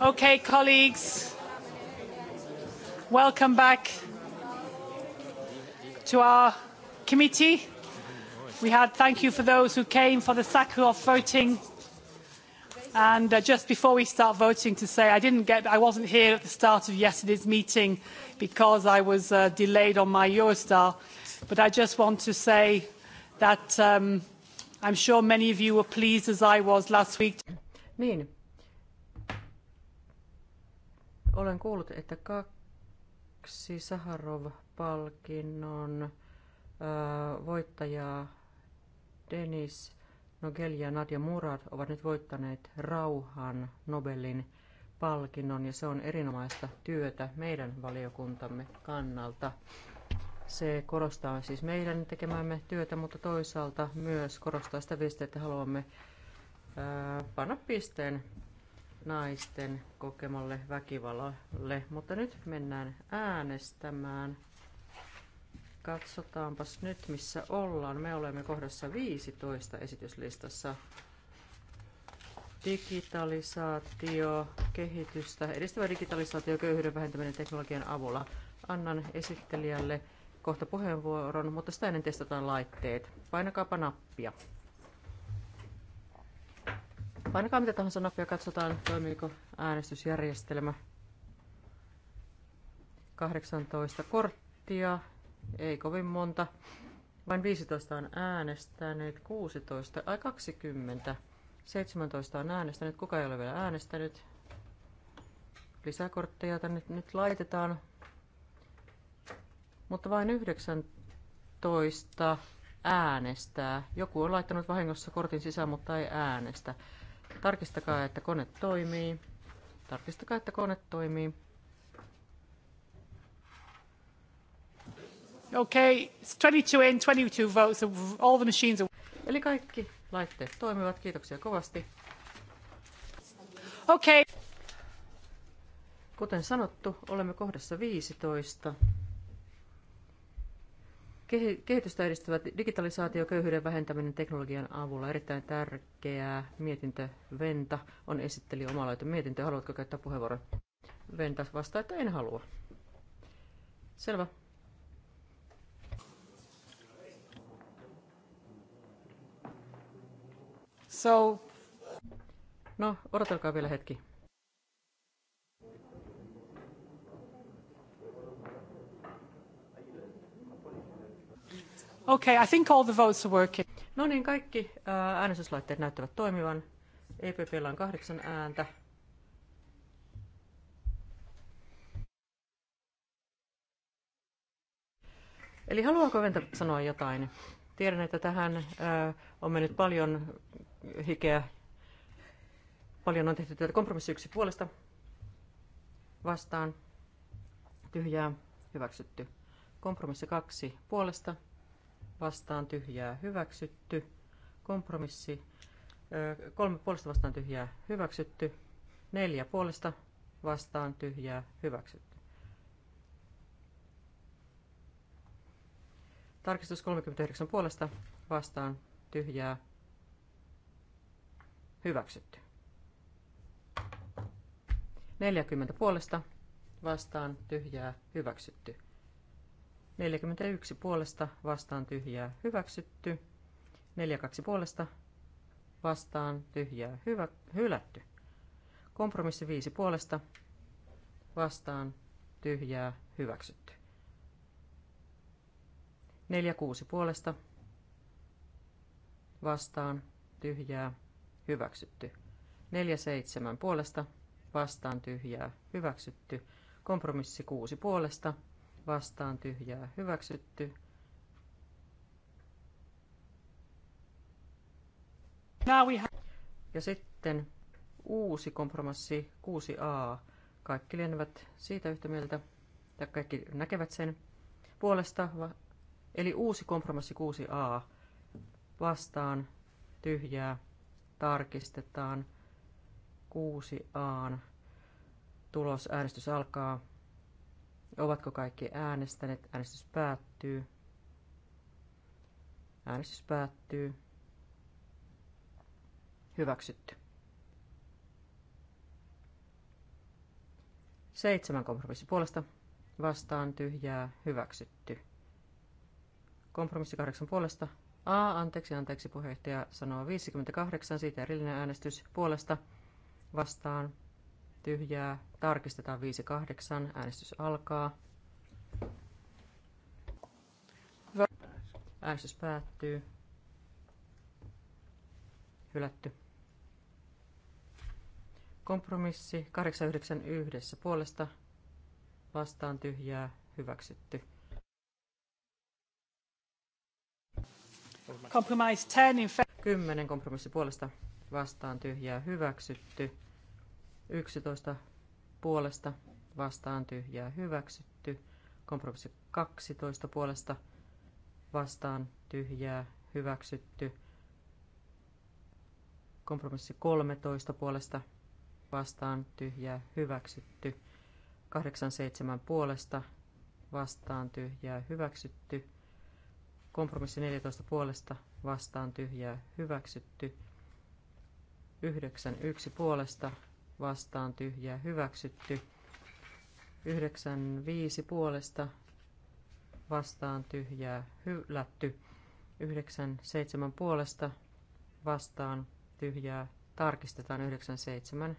Okay, colleagues, welcome back to our committee. We had thank you for those who came for the Sakharov voting. And uh, just before we start voting to say I didn't get I wasn't here at the start of yesterday's meeting because I was uh, delayed on my Eurostar, but I just want to say that um, I'm sure many of you were pleased as I was last week. To- Niin, olen kuullut, että kaksi Saharov-palkinnon voittajaa, Denis Nogel ja Nadia Murad, ovat nyt voittaneet rauhan Nobelin palkinnon ja se on erinomaista työtä meidän valiokuntamme kannalta. Se korostaa siis meidän tekemäämme työtä, mutta toisaalta myös korostaa sitä viestiä, että haluamme ää, panna pisteen naisten kokemalle väkivallalle. Mutta nyt mennään äänestämään. Katsotaanpas nyt, missä ollaan. Me olemme kohdassa 15 esityslistassa. Digitalisaatio, kehitystä, edistävä digitalisaatio, köyhyyden vähentäminen teknologian avulla. Annan esittelijälle kohta puheenvuoron, mutta sitä ennen testataan laitteet. Painakaapa nappia. Painakaa mitä tahansa nappia, katsotaan toimiiko äänestysjärjestelmä. 18 korttia, ei kovin monta. Vain 15 on äänestänyt, 16, ai 20. 17 on äänestänyt, kuka ei ole vielä äänestänyt. Lisäkortteja tänne nyt laitetaan. Mutta vain 19 äänestää. Joku on laittanut vahingossa kortin sisään, mutta ei äänestä. Tarkistakaa, että kone toimii. Tarkistakaa, että kone toimii. Okay, it's 22 in, 22 votes, all the machines are... Eli kaikki laitteet toimivat, kiitoksia kovasti. Okay. Kuten sanottu, olemme kohdassa 15 kehitystä edistävä digitalisaatio, köyhyyden vähentäminen teknologian avulla. Erittäin tärkeää mietintö Venta on esitteli omaloita mietintö. Haluatko käyttää puheenvuoron? Venta vastaa, että en halua. Selvä. So. No, odotelkaa vielä hetki. Okay, I think all the votes are working. No niin, kaikki äh, äänestyslaitteet näyttävät toimivan. EPPllä on kahdeksan ääntä. Eli haluaako Venta sanoa jotain? Tiedän, että tähän äh, on mennyt paljon hikeä. Paljon on tehty tätä kompromissi yksi puolesta. Vastaan. Tyhjää. Hyväksytty. Kompromissi kaksi puolesta vastaan tyhjää hyväksytty. Kompromissi kolme puolesta vastaan tyhjää hyväksytty. Neljä puolesta vastaan tyhjää hyväksytty. Tarkistus 39 puolesta vastaan tyhjää hyväksytty. 40 puolesta vastaan tyhjää hyväksytty. 41 puolesta vastaan tyhjää hyväksytty. 42 puolesta vastaan tyhjää hyvä, hylätty. Kompromissi 5 puolesta vastaan tyhjää hyväksytty. 46 puolesta vastaan tyhjää hyväksytty. 47 puolesta vastaan tyhjää hyväksytty. Kompromissi 6 puolesta vastaan tyhjää hyväksytty. Ja sitten uusi kompromissi 6a. Kaikki lienevät siitä yhtä mieltä, tai kaikki näkevät sen puolesta. Eli uusi kompromissi 6a vastaan tyhjää tarkistetaan 6a. äänestys alkaa. Ovatko kaikki äänestäneet? Äänestys päättyy. Äänestys päättyy. Hyväksytty. Seitsemän kompromissi puolesta. Vastaan tyhjää. Hyväksytty. Kompromissi kahdeksan puolesta. A, anteeksi, anteeksi, puheenjohtaja sanoo 58, siitä erillinen äänestys puolesta vastaan tyhjää. Tarkistetaan 5.8. Äänestys alkaa. Äänestys päättyy. Hylätty. Kompromissi 891 puolesta vastaan tyhjää hyväksytty. Kompromissi 10 in 10 kompromissi puolesta vastaan tyhjää hyväksytty. 11 puolesta vastaan tyhjää hyväksytty. Kompromissi 12 puolesta vastaan tyhjää hyväksytty. Kompromissi 13 puolesta vastaan tyhjää hyväksytty. 87 puolesta vastaan tyhjää hyväksytty. Kompromissi 14 puolesta vastaan tyhjää hyväksytty. 91 puolesta vastaan tyhjää hyväksytty. 95 puolesta vastaan tyhjää hylätty. 97 puolesta vastaan tyhjää tarkistetaan 97.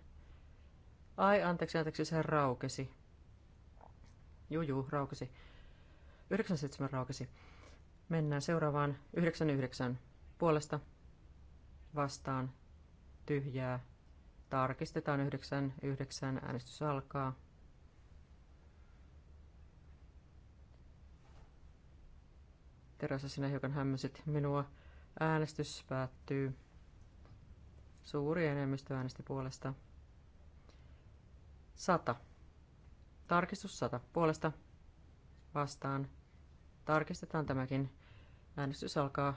Ai, anteeksi, anteeksi, se raukesi. Juju, raukesi. 97 raukesi. Mennään seuraavaan 99 puolesta vastaan tyhjää Tarkistetaan 99, äänestys alkaa. Terässä sinä hiukan hämmäsit minua. Äänestys päättyy. Suuri enemmistö äänesti puolesta. 100. Tarkistus 100. Puolesta vastaan. Tarkistetaan tämäkin. Äänestys alkaa.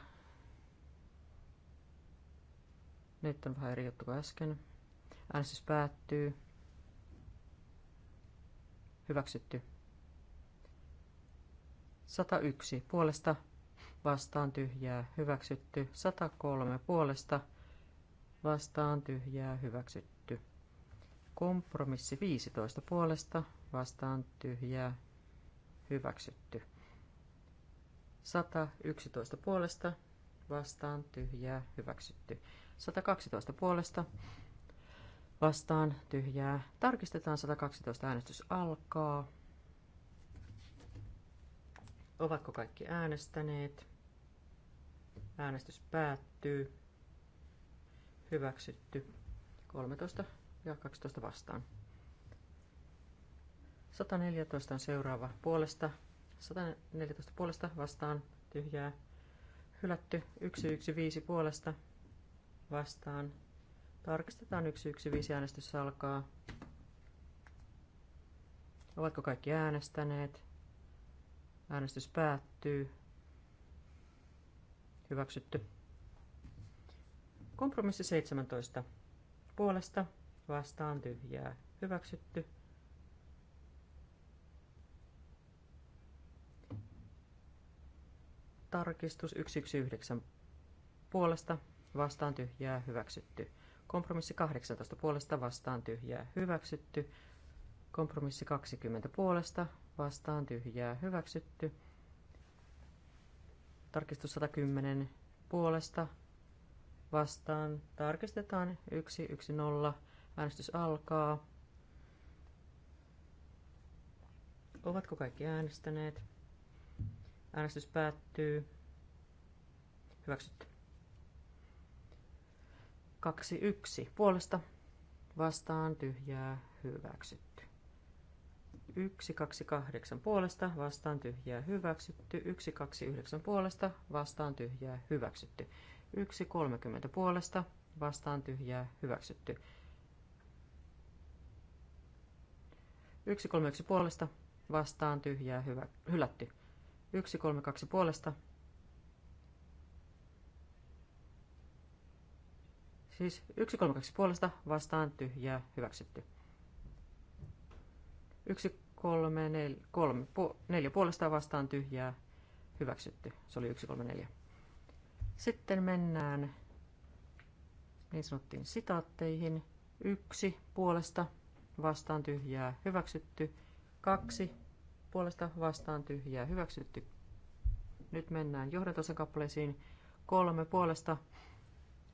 Nyt on vähän eri juttu kuin äsken. Äänestys päättyy. Hyväksytty. 101 puolesta vastaan tyhjää hyväksytty. 103 puolesta vastaan tyhjää hyväksytty. Kompromissi 15 puolesta vastaan tyhjää hyväksytty. 111 puolesta vastaan tyhjää hyväksytty. 112 puolesta vastaan tyhjää. Tarkistetaan 112 äänestys alkaa. Ovatko kaikki äänestäneet? Äänestys päättyy. Hyväksytty. 13 ja 12 vastaan. 114 on seuraava puolesta. 114 puolesta vastaan tyhjää. Hylätty 115 puolesta vastaan Tarkistetaan 115 äänestys alkaa. Ovatko kaikki äänestäneet? Äänestys päättyy. Hyväksytty. Kompromissi 17. Puolesta vastaan tyhjää. Hyväksytty. Tarkistus 119. Puolesta vastaan tyhjää. Hyväksytty. Kompromissi 18 puolesta vastaan tyhjää hyväksytty. Kompromissi 20 puolesta vastaan tyhjää hyväksytty. Tarkistus 110 puolesta vastaan tarkistetaan 110. Äänestys alkaa. Ovatko kaikki äänestäneet? Äänestys päättyy. Hyväksytty. 2, 1 puolesta vastaan tyhjää hyväksytty. 1, 2, 8 puolesta vastaan tyhjää hyväksytty. 1, 2, 9 puolesta vastaan tyhjää hyväksytty. 1, 30 puolesta vastaan tyhjää hyväksytty. 1, 3, 1 puolesta vastaan tyhjää hyvä, hylätty. 1, 3, 2 puolesta Siis 132 puolesta vastaan tyhjää hyväksytty. 134 puolesta vastaan tyhjää hyväksytty. Se oli 134. Sitten mennään niin sanottiin sitaatteihin. 1 puolesta vastaan tyhjää hyväksytty. 2 puolesta vastaan tyhjää hyväksytty. Nyt mennään johdatusakappaleisiin. Kolme puolesta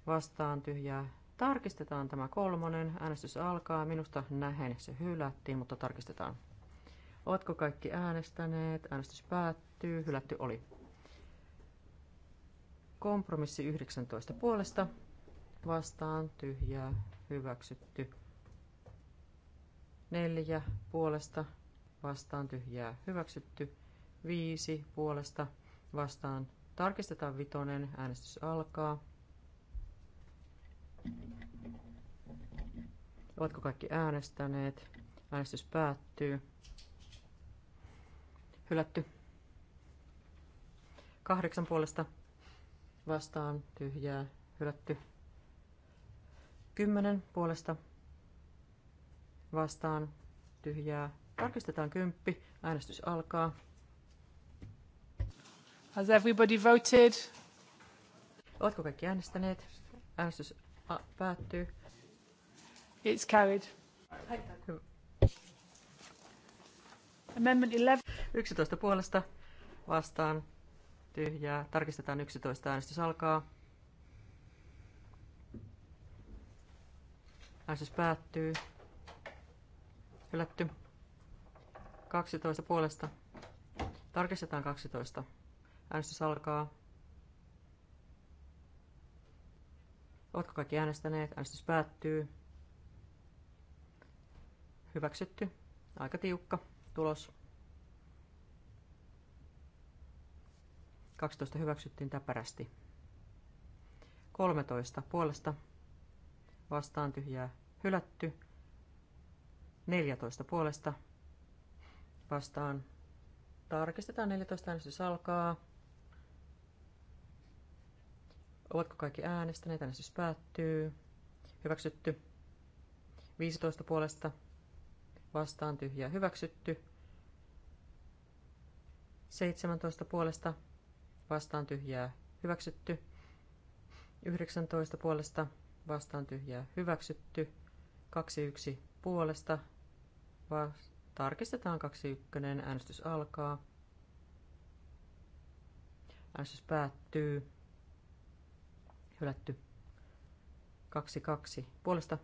vastaan tyhjää. Tarkistetaan tämä kolmonen. Äänestys alkaa. Minusta nähen se hylättiin, mutta tarkistetaan. Ovatko kaikki äänestäneet? Äänestys päättyy. Hylätty oli. Kompromissi 19 puolesta. Vastaan tyhjää. Hyväksytty. Neljä puolesta. Vastaan tyhjää. Hyväksytty. Viisi puolesta. Vastaan. Tarkistetaan vitonen. Äänestys alkaa. Ovatko kaikki äänestäneet? Äänestys päättyy. Hylätty. Kahdeksan puolesta vastaan tyhjää. Hylätty. Kymmenen puolesta vastaan tyhjää. Tarkistetaan kymppi. Äänestys alkaa. Has everybody voted? Oletko kaikki äänestäneet? Äänestys päättyy. It's carried. Amendment 11. 11 puolesta vastaan tyhjää. Tarkistetaan 11. Äänestys alkaa. Äänestys päättyy. Hylätty. 12 puolesta. Tarkistetaan 12. Äänestys alkaa. Ovatko kaikki äänestäneet? Äänestys päättyy. Hyväksytty. Aika tiukka tulos. 12 hyväksyttiin täpärästi. 13 puolesta vastaan tyhjää hylätty. 14 puolesta vastaan. Tarkistetaan 14 äänestys alkaa. Ovatko kaikki äänestäneet? Äänestys päättyy. Hyväksytty. 15 puolesta vastaan tyhjää hyväksytty. 17 puolesta vastaan tyhjää hyväksytty. 19 puolesta vastaan tyhjää hyväksytty. 21 puolesta va- tarkistetaan 21. Äänestys alkaa. Äänestys päättyy hylätty. 2-2 puolesta.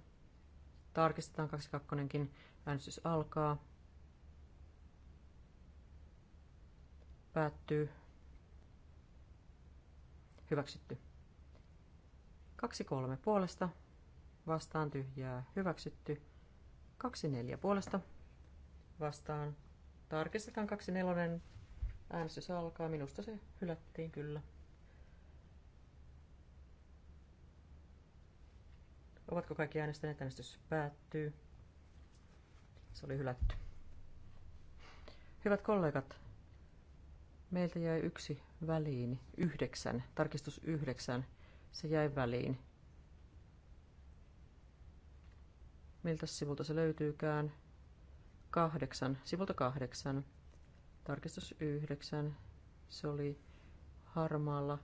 Tarkistetaan 2-2kin. Äänestys alkaa. Päättyy. Hyväksytty. 2-3 puolesta. Vastaan tyhjää. Hyväksytty. 2-4 puolesta. Vastaan. Tarkistetaan 2-4. Äänestys alkaa. Minusta se hylättiin kyllä. Ovatko kaikki äänestäneet? Äänestys päättyy. Se oli hylätty. Hyvät kollegat, meiltä jäi yksi väliin, yhdeksän, tarkistus yhdeksän, se jäi väliin. Miltä sivulta se löytyykään? Kahdeksan, sivulta kahdeksan, tarkistus yhdeksän, se oli harmaalla.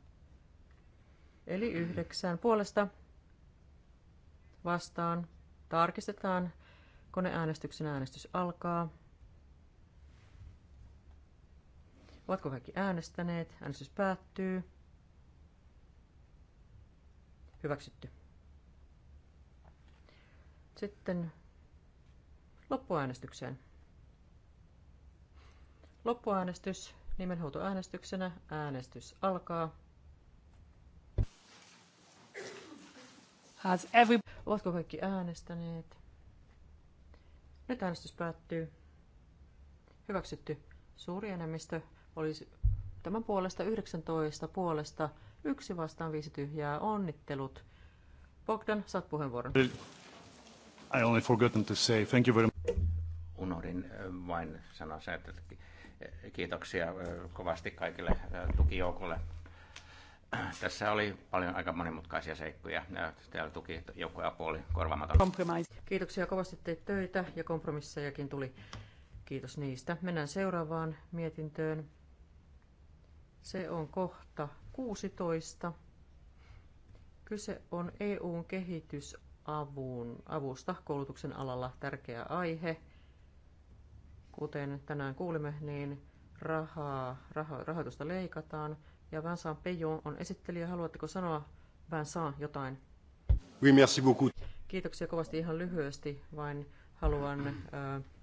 Eli yhdeksän puolesta vastaan. Tarkistetaan. Koneäänestyksen äänestys alkaa. Ovatko kaikki äänestäneet? Äänestys päättyy. Hyväksytty. Sitten loppuäänestykseen. Loppuäänestys nimenhuutoäänestyksenä. Äänestys alkaa. Has every... Ovatko kaikki äänestäneet? Nyt äänestys päättyy. Hyväksytty. Suuri enemmistö olisi tämän puolesta 19 puolesta. Yksi vastaan viisi tyhjää. Onnittelut. Bogdan, saat puheenvuoron. I only forgotten to say thank you very much. Unohdin äh, vain sanoa sen, että kiitoksia äh, kovasti kaikille äh, tukijoukolle tässä oli paljon aika monimutkaisia seikkoja. Täällä tuki ja puoli korvaamaton. Kiitoksia kovasti teit töitä ja kompromissejakin tuli. Kiitos niistä. Mennään seuraavaan mietintöön. Se on kohta 16. Kyse on EUn kehitysavun avusta koulutuksen alalla tärkeä aihe. Kuten tänään kuulimme, niin rahaa, raho, rahoitusta leikataan – ja Vincent Peijon on esittelijä. Haluatteko sanoa Vincent jotain? Oui, merci beaucoup. Kiitoksia kovasti ihan lyhyesti. Vain haluan äh,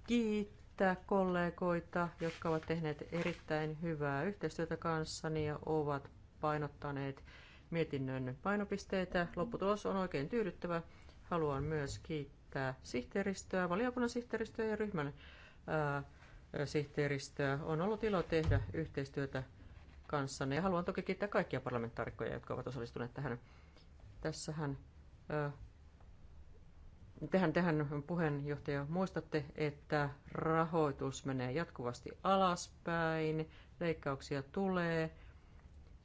kiittää kollegoita, jotka ovat tehneet erittäin hyvää yhteistyötä kanssani ja ovat painottaneet mietinnön painopisteitä. Lopputulos on oikein tyydyttävä. Haluan myös kiittää sihteeristöä, valiokunnan sihteeristöä ja ryhmän ää, sihteeristöä. On ollut ilo tehdä yhteistyötä kanssanne. Ja haluan toki kiittää kaikkia parlamentaarikkoja, jotka ovat osallistuneet tähän. Tässähän Tehän, tehän puheenjohtaja, muistatte, että rahoitus menee jatkuvasti alaspäin, leikkauksia tulee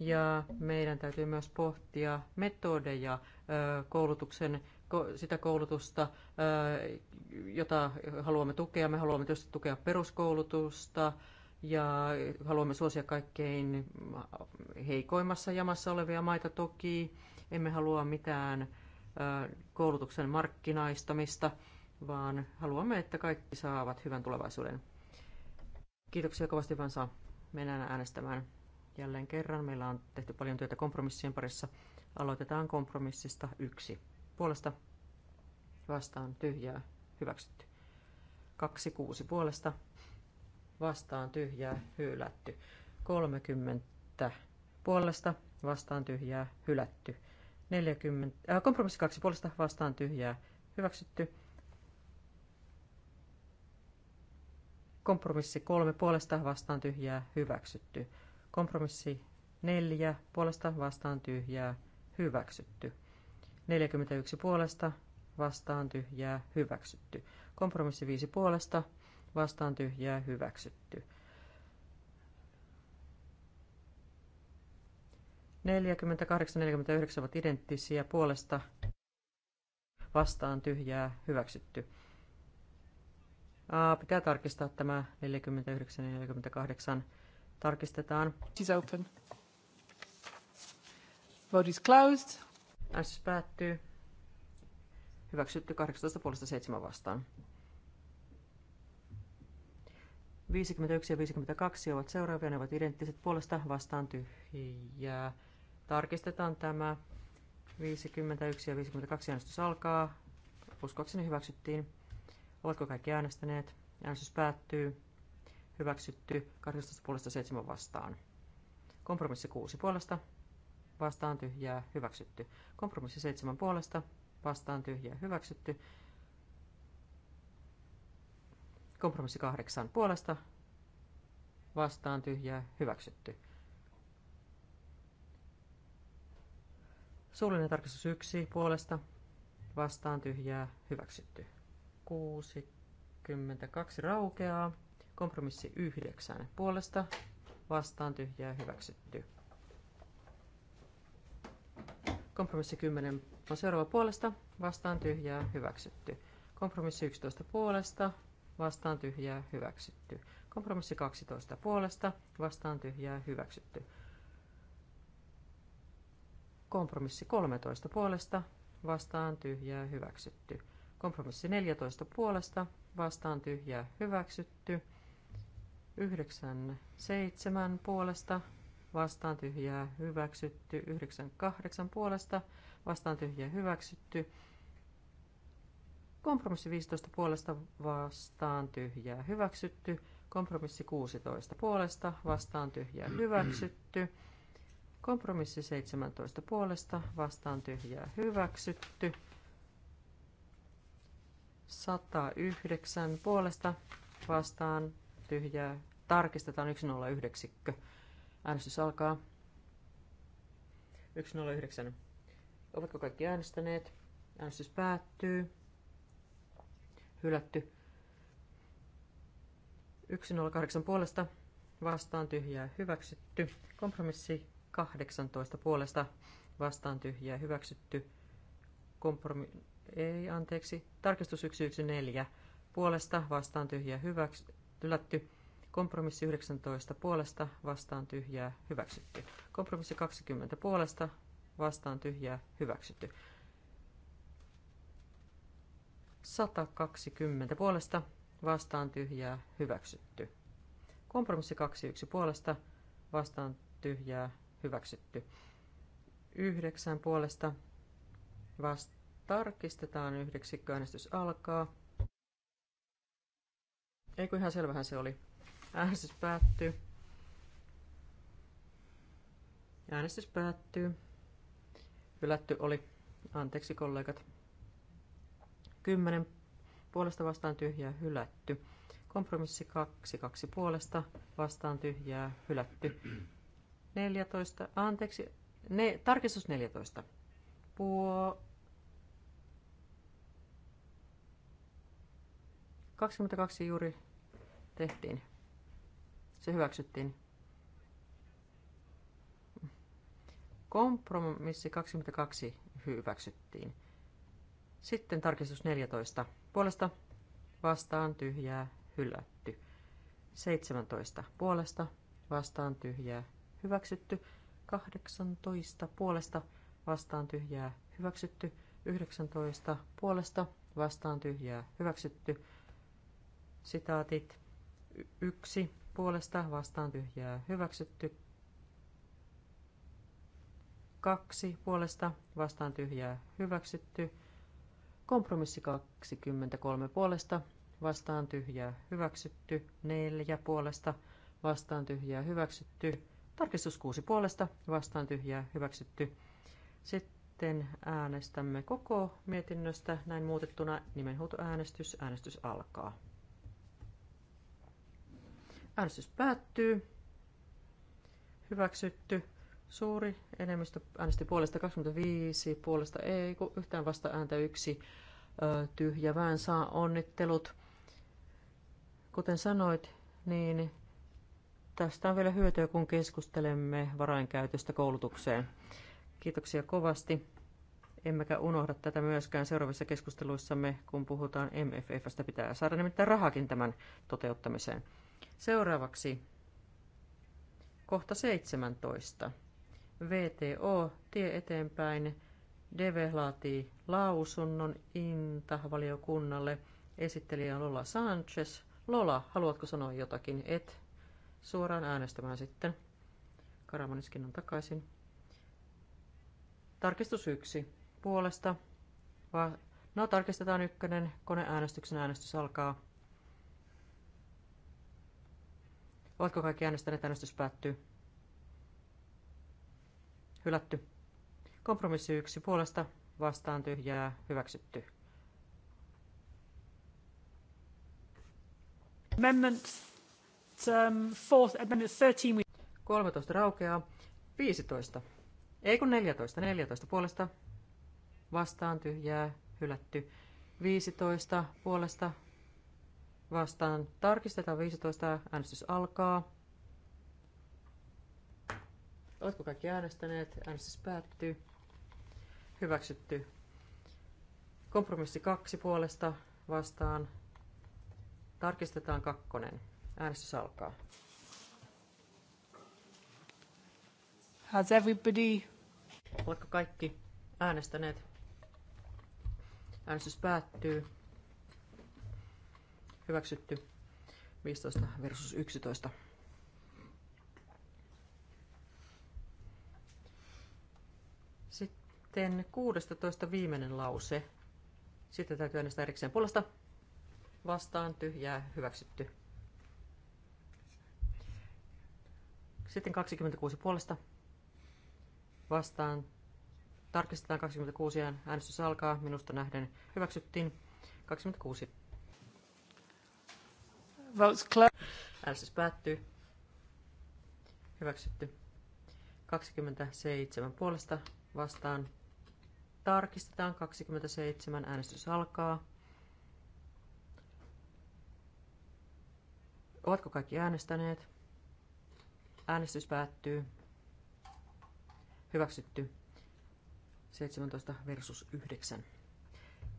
ja meidän täytyy myös pohtia metodeja koulutuksen, sitä koulutusta, jota haluamme tukea. Me haluamme tietysti tukea peruskoulutusta, ja haluamme suosia kaikkein heikoimmassa jamassa olevia maita toki. Emme halua mitään koulutuksen markkinaistamista, vaan haluamme, että kaikki saavat hyvän tulevaisuuden. Kiitoksia kovasti Vansa. Mennään äänestämään jälleen kerran. Meillä on tehty paljon työtä kompromissien parissa. Aloitetaan kompromissista yksi. Puolesta vastaan tyhjää hyväksytty. Kaksi kuusi puolesta vastaan tyhjää hylätty. 30 puolesta vastaan tyhjää hylätty. 40, äh, kompromissi 2 puolesta vastaan tyhjää hyväksytty. Kompromissi 3 puolesta vastaan tyhjää hyväksytty. Kompromissi 4 puolesta vastaan tyhjää hyväksytty. 41 puolesta vastaan tyhjää hyväksytty. Kompromissi 5 puolesta vastaan tyhjää hyväksytty. 48 49 ovat identtisiä puolesta vastaan tyhjää hyväksytty. Aa, pitää tarkistaa tämä 49 48. Tarkistetaan. Is open. Vote is closed. Äänestys päättyy. Hyväksytty 18 puolesta 7 vastaan. 51 ja 52 ovat seuraavia, ne ovat identtiset puolesta vastaan tyhjää. Tarkistetaan tämä. 51 ja 52 äänestys alkaa. Uskoakseni hyväksyttiin. Ovatko kaikki äänestäneet? Äänestys päättyy. Hyväksytty 18 puolesta 7 vastaan. Kompromissi 6 puolesta. Vastaan tyhjää. Hyväksytty. Kompromissi 7 puolesta. Vastaan tyhjää. Hyväksytty. Kompromissi kahdeksan puolesta vastaan tyhjää hyväksytty. Suullinen tarkistus yksi puolesta vastaan tyhjää hyväksytty. 62 raukeaa. Kompromissi yhdeksän puolesta vastaan tyhjää hyväksytty. Kompromissi 10 on seuraava puolesta vastaan tyhjää hyväksytty. Kompromissi 11 puolesta vastaan tyhjää hyväksytty. Kompromissi 12 puolesta vastaan tyhjää hyväksytty. Kompromissi 13 puolesta vastaan tyhjää hyväksytty. Kompromissi 14 puolesta vastaan tyhjää hyväksytty. 97 puolesta vastaan tyhjää hyväksytty. 98 puolesta vastaan tyhjää hyväksytty. Kompromissi 15 puolesta vastaan tyhjää hyväksytty. Kompromissi 16 puolesta vastaan tyhjää hyväksytty. Kompromissi 17 puolesta vastaan tyhjää hyväksytty. 109 puolesta vastaan tyhjää. Tarkistetaan 109. Äänestys alkaa. 109. Ovatko kaikki äänestäneet? Äänestys päättyy hylätty. 108 puolesta vastaan tyhjää hyväksytty. Kompromissi 18 puolesta vastaan tyhjää hyväksytty. Kompromi... Ei, anteeksi. Tarkistus 114 puolesta vastaan tyhjää hyväksytty. Kompromissi 19 puolesta vastaan tyhjää hyväksytty. Kompromissi 20 puolesta vastaan tyhjää hyväksytty. 120 puolesta vastaan tyhjää hyväksytty. Kompromissi 21 puolesta vastaan tyhjää hyväksytty. 9 puolesta vastaan tarkistetaan yhdeksikköäänestys alkaa. Eikö ihan selvähän se oli. Äänestys päättyy. Äänestys päättyy. Hylätty oli. Anteeksi kollegat. 10 puolesta vastaan tyhjää hylätty. Kompromissi 2, 2 puolesta vastaan tyhjää hylätty. 14, anteeksi, ne, tarkistus 14. Puo... 22 juuri tehtiin. Se hyväksyttiin. Kompromissi 22 hyväksyttiin. Sitten tarkistus 14. Puolesta vastaan tyhjää hylätty. 17. Puolesta vastaan tyhjää hyväksytty. 18. Puolesta vastaan tyhjää hyväksytty. 19. Puolesta vastaan tyhjää hyväksytty. Sitaatit 1. Puolesta vastaan tyhjää hyväksytty. 2. Puolesta vastaan tyhjää hyväksytty. Kompromissi 23 puolesta, vastaan tyhjää hyväksytty, 4 puolesta, vastaan tyhjää hyväksytty, tarkistus 6 puolesta, vastaan tyhjää hyväksytty. Sitten äänestämme koko mietinnöstä näin muutettuna nimenhuutoäänestys. Äänestys alkaa. Äänestys päättyy. Hyväksytty. Suuri enemmistö äänesti puolesta 25, puolesta ei, kun yhtään vasta ääntä yksi tyhjävään saa onnittelut. Kuten sanoit, niin tästä on vielä hyötyä, kun keskustelemme varainkäytöstä koulutukseen. Kiitoksia kovasti. Emmekä unohda tätä myöskään seuraavissa keskusteluissamme, kun puhutaan MFFstä. Pitää saada nimittäin rahakin tämän toteuttamiseen. Seuraavaksi kohta 17. VTO, tie eteenpäin. DV laatii lausunnon Inta-valiokunnalle. Esittelijä on Lola Sanchez. Lola, haluatko sanoa jotakin? Et. Suoraan äänestämään sitten. Karamaniskin on takaisin. Tarkistus yksi. Puolesta. Va- no, tarkistetaan ykkönen. Koneäänestyksen äänestys alkaa. Oletko kaikki äänestäneet? Äänestys päättyy. Hylätty. Kompromissi yksi puolesta vastaan tyhjää hyväksytty. Amendment, um, fourth, amendment 13. 13 raukeaa. 15. Ei kun 14. 14 puolesta vastaan tyhjää hylätty. 15 puolesta vastaan tarkistetaan 15. Äänestys alkaa. Oletko kaikki äänestäneet? Äänestys päättyy. Hyväksytty. Kompromissi kaksi puolesta vastaan. Tarkistetaan kakkonen. Äänestys alkaa. Has everybody... Oletko kaikki äänestäneet? Äänestys päättyy. Hyväksytty. 15 versus 11. Sitten 16 viimeinen lause. Sitten täytyy äänestää erikseen puolesta. Vastaan tyhjää hyväksytty. Sitten 26 puolesta. Vastaan. Tarkistetaan 26 ja äänestys alkaa. Minusta nähden hyväksyttiin. 26. Äänestys päättyy. Hyväksytty. 27 puolesta vastaan Tarkistetaan 27. Äänestys alkaa. Ovatko kaikki äänestäneet? Äänestys päättyy. Hyväksytty. 17 versus 9.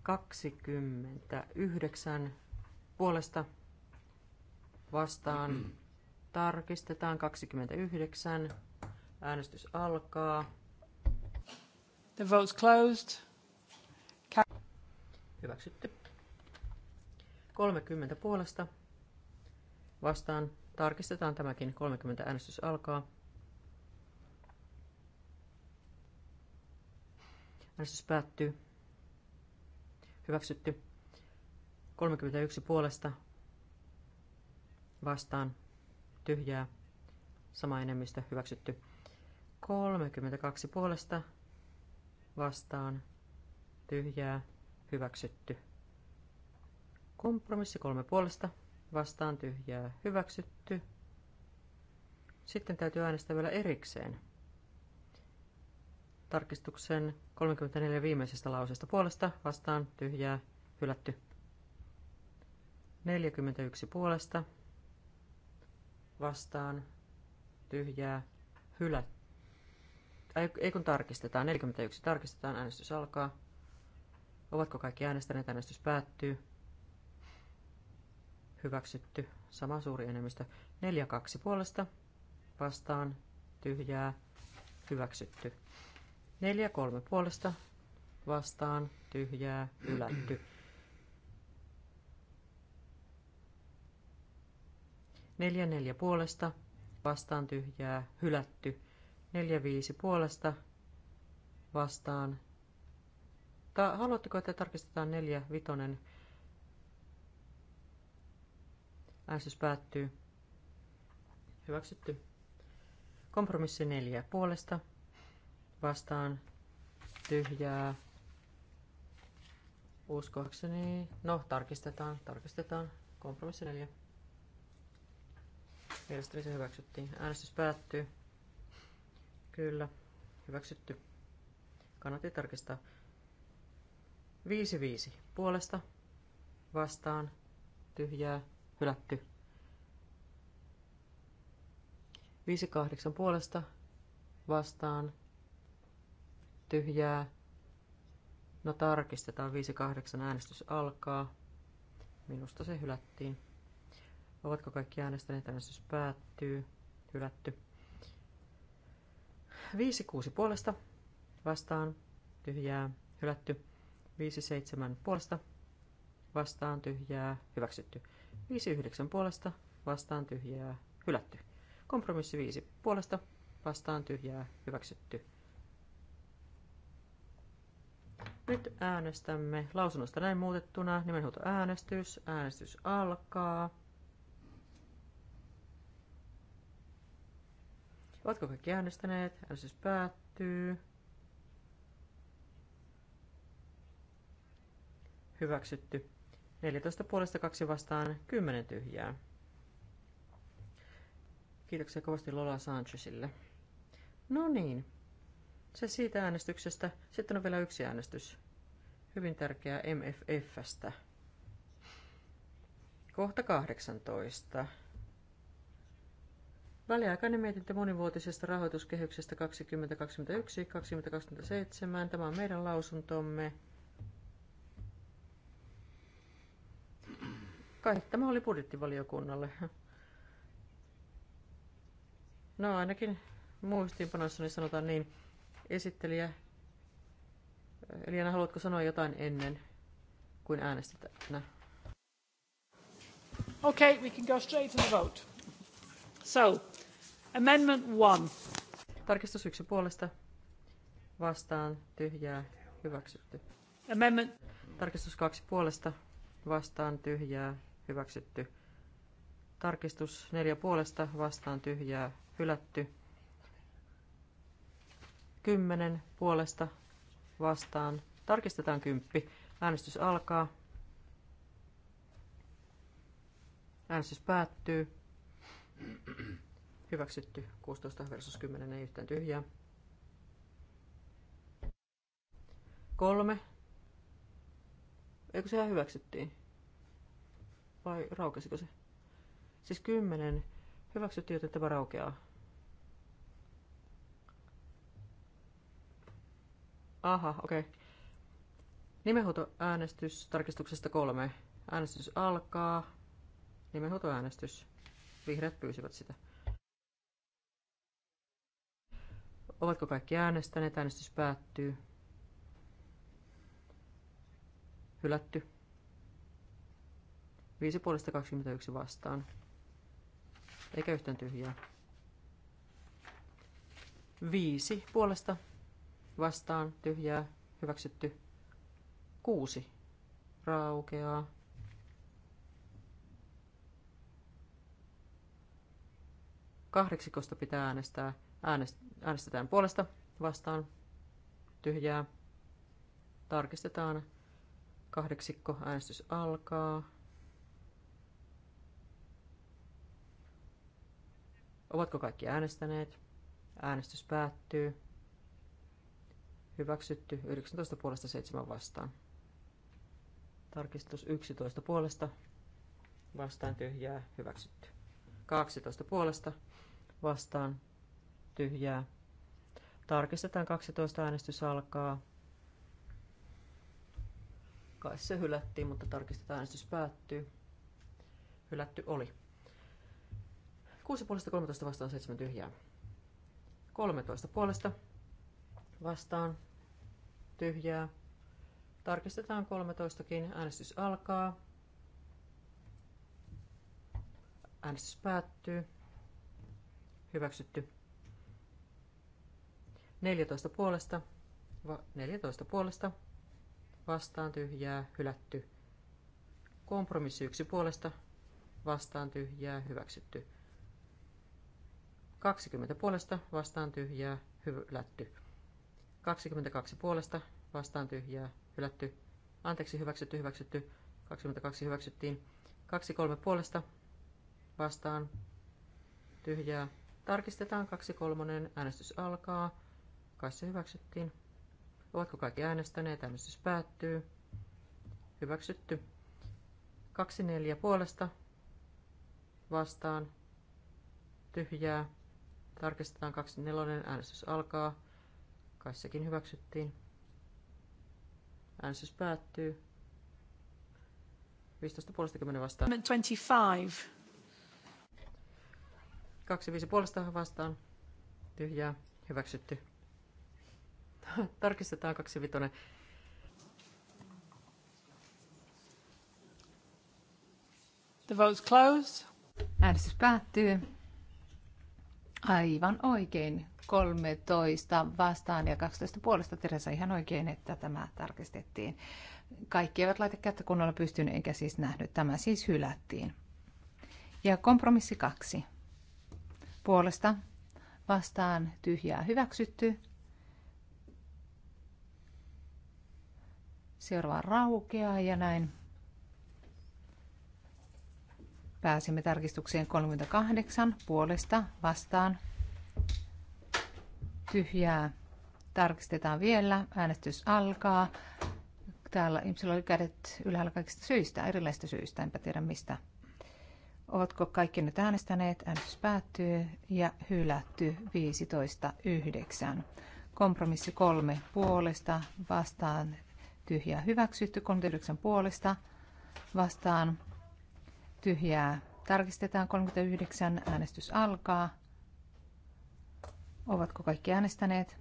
29 puolesta vastaan. Mm-hmm. Tarkistetaan 29. Äänestys alkaa. The vote's closed. Hyväksytty. 30 puolesta. Vastaan. Tarkistetaan tämäkin. 30 äänestys alkaa. Äänestys päättyy. Hyväksytty. 31 puolesta. Vastaan. Tyhjää. Sama enemmistö. Hyväksytty. 32 puolesta vastaan, tyhjää, hyväksytty. Kompromissi kolme puolesta, vastaan, tyhjää, hyväksytty. Sitten täytyy äänestää vielä erikseen. Tarkistuksen 34 viimeisestä lauseesta puolesta, vastaan, tyhjää, hylätty. 41 puolesta, vastaan, tyhjää, hylätty ei kun tarkistetaan, 41 tarkistetaan, äänestys alkaa. Ovatko kaikki äänestäneet, äänestys päättyy. Hyväksytty, sama suuri enemmistö. 4-2 puolesta, vastaan, tyhjää, hyväksytty. 4-3 puolesta, vastaan, tyhjää, hylätty. 44 puolesta, vastaan tyhjää, hylätty. Neljä viisi puolesta vastaan. Ta- haluatteko, että tarkistetaan neljä vitonen? Äänestys päättyy. Hyväksytty. Kompromissi neljä puolesta vastaan tyhjää. Uskoakseni. No, tarkistetaan, tarkistetaan. Kompromissi 4. Mielestäni se hyväksyttiin. Äänestys päättyy. Kyllä. Hyväksytty. Kannatti tarkistaa. 5-5. Puolesta. Vastaan. Tyhjää. Hylätty. 5-8. Puolesta. Vastaan. Tyhjää. No tarkistetaan. 5-8. Äänestys alkaa. Minusta se hylättiin. Ovatko kaikki äänestäneet? Äänestys päättyy. Hylätty. 5, 6 puolesta vastaan tyhjää hylätty. 5, 7 puolesta vastaan tyhjää hyväksytty. 5, 9 puolesta vastaan tyhjää hylätty. Kompromissi 5 puolesta vastaan tyhjää hyväksytty. Nyt äänestämme lausunnosta näin muutettuna. Nimenhuuto äänestys. Äänestys alkaa. Ovatko kaikki äänestäneet? Äänestys päättyy. Hyväksytty. 14 puolesta kaksi vastaan 10 tyhjää. Kiitoksia kovasti Lola Sanchezille. No niin, se siitä äänestyksestä. Sitten on vielä yksi äänestys. Hyvin tärkeä MFFstä. Kohta 18. Väliaikainen mietintö monivuotisesta rahoituskehyksestä 2021-2027. Tämä on meidän lausuntomme. Kai tämä oli budjettivaliokunnalle. No ainakin muistiinpanoissani sanotaan niin. Esittelijä, Eliana, haluatko sanoa jotain ennen kuin äänestetään? Okay, we can go straight to the vote. So, Amendment 1. Tarkistus yksi puolesta. Vastaan tyhjää. Hyväksytty. Amendment. Tarkistus kaksi puolesta. Vastaan tyhjää. Hyväksytty. Tarkistus neljä puolesta. Vastaan tyhjää. Hylätty. Kymmenen puolesta. Vastaan. Tarkistetaan kymppi. Äänestys alkaa. Äänestys päättyy. Hyväksytty 16 versus 10 ei yhtään tyhjää. Kolme. Eikö sehän hyväksyttiin? Vai raukesiko se? Siis kymmenen. Hyväksyttiin, joten tämä raukeaa. Aha, okei. Okay. äänestys tarkistuksesta kolme. Äänestys alkaa. äänestys Vihreät pyysivät sitä. Ovatko kaikki äänestäneet? Äänestys päättyy. Hylätty. 5 puolesta 21 vastaan. Eikä yhtään tyhjää. 5 puolesta vastaan tyhjää. Hyväksytty. 6 raukeaa. Kahdeksikosta pitää äänestää. Äänestetään puolesta vastaan tyhjää. Tarkistetaan. Kahdeksikko äänestys alkaa. Ovatko kaikki äänestäneet? Äänestys päättyy. Hyväksytty 19 puolesta 7 vastaan. Tarkistus 11 puolesta. Vastaan tyhjää. Hyväksytty. 12 puolesta. Vastaan tyhjää. Tarkistetaan 12 äänestys alkaa. Kai se hylättiin, mutta tarkistetaan äänestys päättyy. Hylätty oli. 6 puolesta 13 vastaan 7 tyhjää. 13 puolesta vastaan tyhjää. Tarkistetaan 13kin. Äänestys alkaa. Äänestys päättyy. Hyväksytty. 14 puolesta, va, 14 puolesta vastaan tyhjää hylätty. Kompromissi 1 puolesta vastaan tyhjää hyväksytty. 20 puolesta vastaan tyhjää hylätty. 22 puolesta vastaan tyhjää hylätty. Anteeksi, hyväksytty, hyväksytty. 22 hyväksyttiin. 23 puolesta vastaan tyhjää. Tarkistetaan 23. Äänestys alkaa. Kai se hyväksyttiin. Ovatko kaikki äänestäneet? Äänestys päättyy. Hyväksytty. 24 puolesta vastaan tyhjää. Tarkistetaan 24. Äänestys alkaa. Kai sekin hyväksyttiin. Äänestys päättyy. 15 puolesta 10 vastaan. 25. 25 puolesta vastaan. Tyhjää. Hyväksytty. Tarkistetaan 25. The vote's closed. Äänestys päättyy. Aivan oikein. 13 vastaan ja 12 puolesta. Teresa ihan oikein, että tämä tarkistettiin. Kaikki eivät laita kättä kunnolla pystyyn, eikä siis nähnyt. Tämä siis hylättiin. Ja kompromissi kaksi. Puolesta vastaan tyhjää hyväksytty. Seuraava raukeaa ja näin pääsimme tarkistukseen 38 puolesta vastaan. Tyhjää. Tarkistetaan vielä. Äänestys alkaa. Täällä ihmisillä oli kädet ylhäällä kaikista syistä, erilaisista syistä, enpä tiedä mistä. Ovatko kaikki nyt äänestäneet? Äänestys päättyy ja hylätty 15.9. Kompromissi kolme puolesta vastaan tyhjää hyväksytty, 39 puolesta vastaan tyhjää tarkistetaan, 39 äänestys alkaa. Ovatko kaikki äänestäneet?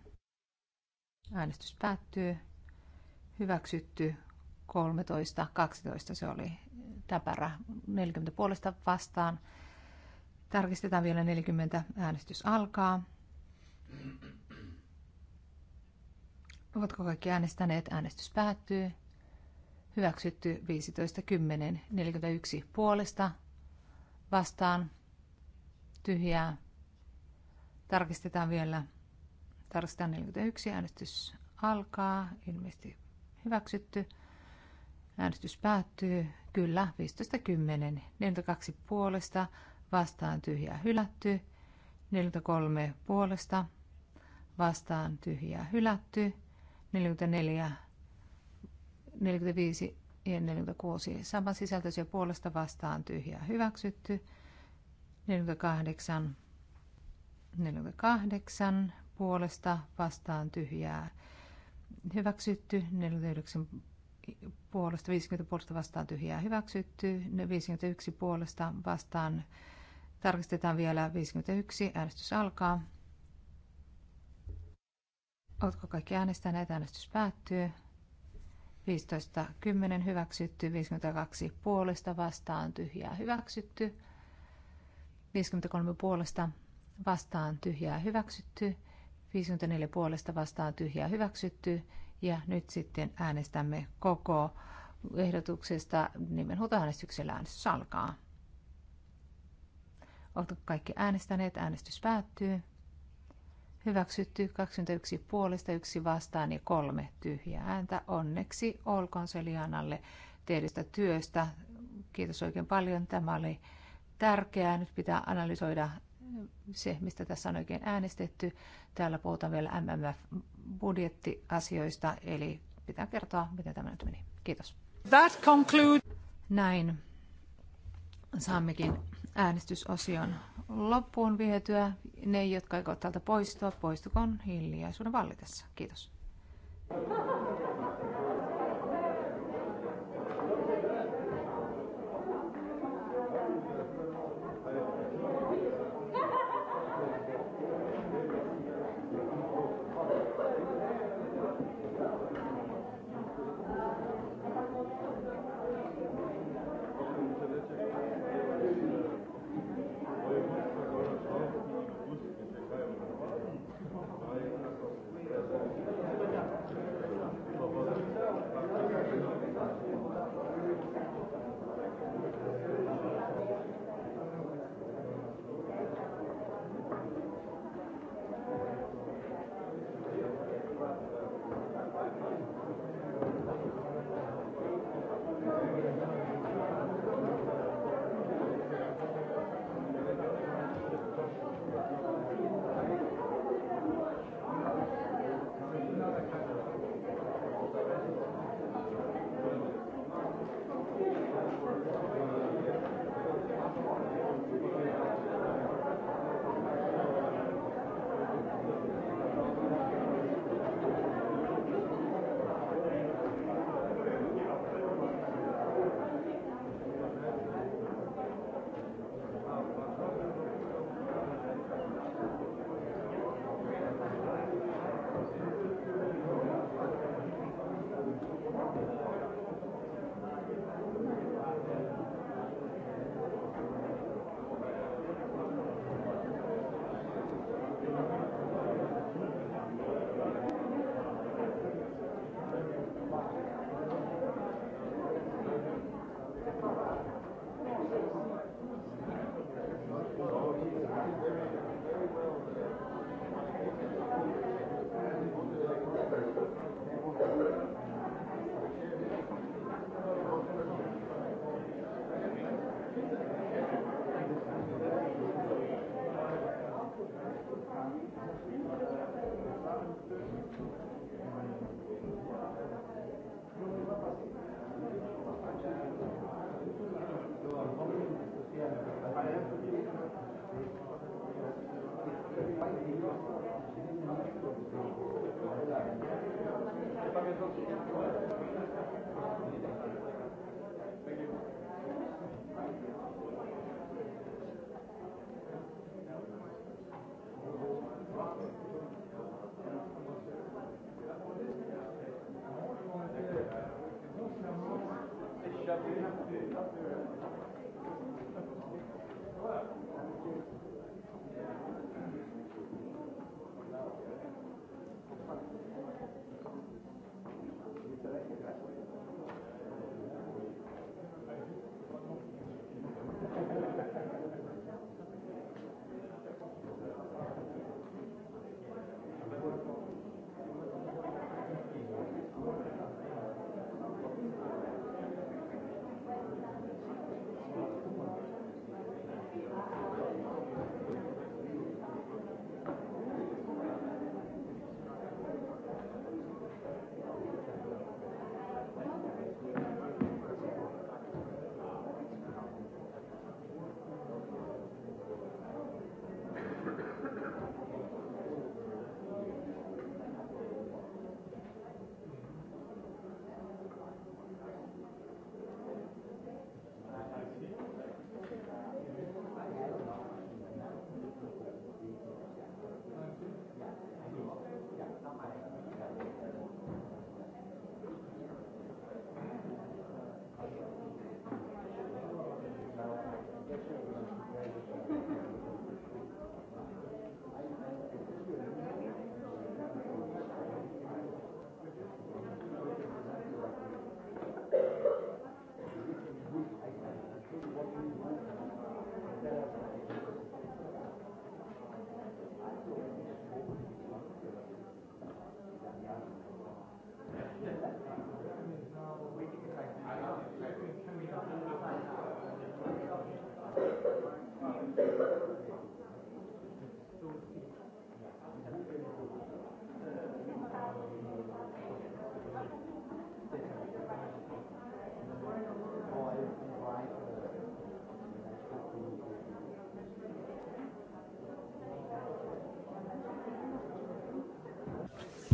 Äänestys päättyy. Hyväksytty 13, 12 se oli täpärä 40 puolesta vastaan. Tarkistetaan vielä 40. Äänestys alkaa. Ovatko kaikki äänestäneet? Äänestys päättyy. Hyväksytty 10, 41 puolesta. Vastaan. Tyhjää. Tarkistetaan vielä. Tarkistetaan 41. Äänestys alkaa. Ilmeisesti hyväksytty. Äänestys päättyy. Kyllä, 10, 42 puolesta. Vastaan tyhjää hylätty. 43 puolesta. Vastaan tyhjää hylätty. 44, 45 ja 46. Saman sisältöisiä puolesta vastaan tyhjää hyväksytty. 48, 48 puolesta vastaan tyhjää hyväksytty. 49 puolesta, 50 puolesta vastaan tyhjää hyväksytty. 51 puolesta vastaan tarkistetaan vielä 51. Äänestys alkaa. Oletko kaikki äänestäneet? Äänestys päättyy. 15.10 hyväksytty, 52 puolesta vastaan tyhjää hyväksytty, 53 puolesta vastaan tyhjää hyväksytty, 54 puolesta vastaan tyhjää hyväksytty ja nyt sitten äänestämme koko ehdotuksesta äänestyksellä äänestys alkaa. Oletko kaikki äänestäneet? Äänestys päättyy. Hyväksytty 21 puolesta, yksi vastaan ja kolme tyhjää ääntä. Onneksi olkoon Selianalle tehdystä työstä. Kiitos oikein paljon. Tämä oli tärkeää. Nyt pitää analysoida se, mistä tässä on oikein äänestetty. Täällä puhutaan vielä MMF-budjettiasioista, eli pitää kertoa, miten tämä nyt meni. Kiitos. That conclude. Näin saammekin äänestysosion loppuun vietyä. Ne, jotka eivät täältä poistua, poistukoon hiljaisuuden vallitessa. Kiitos.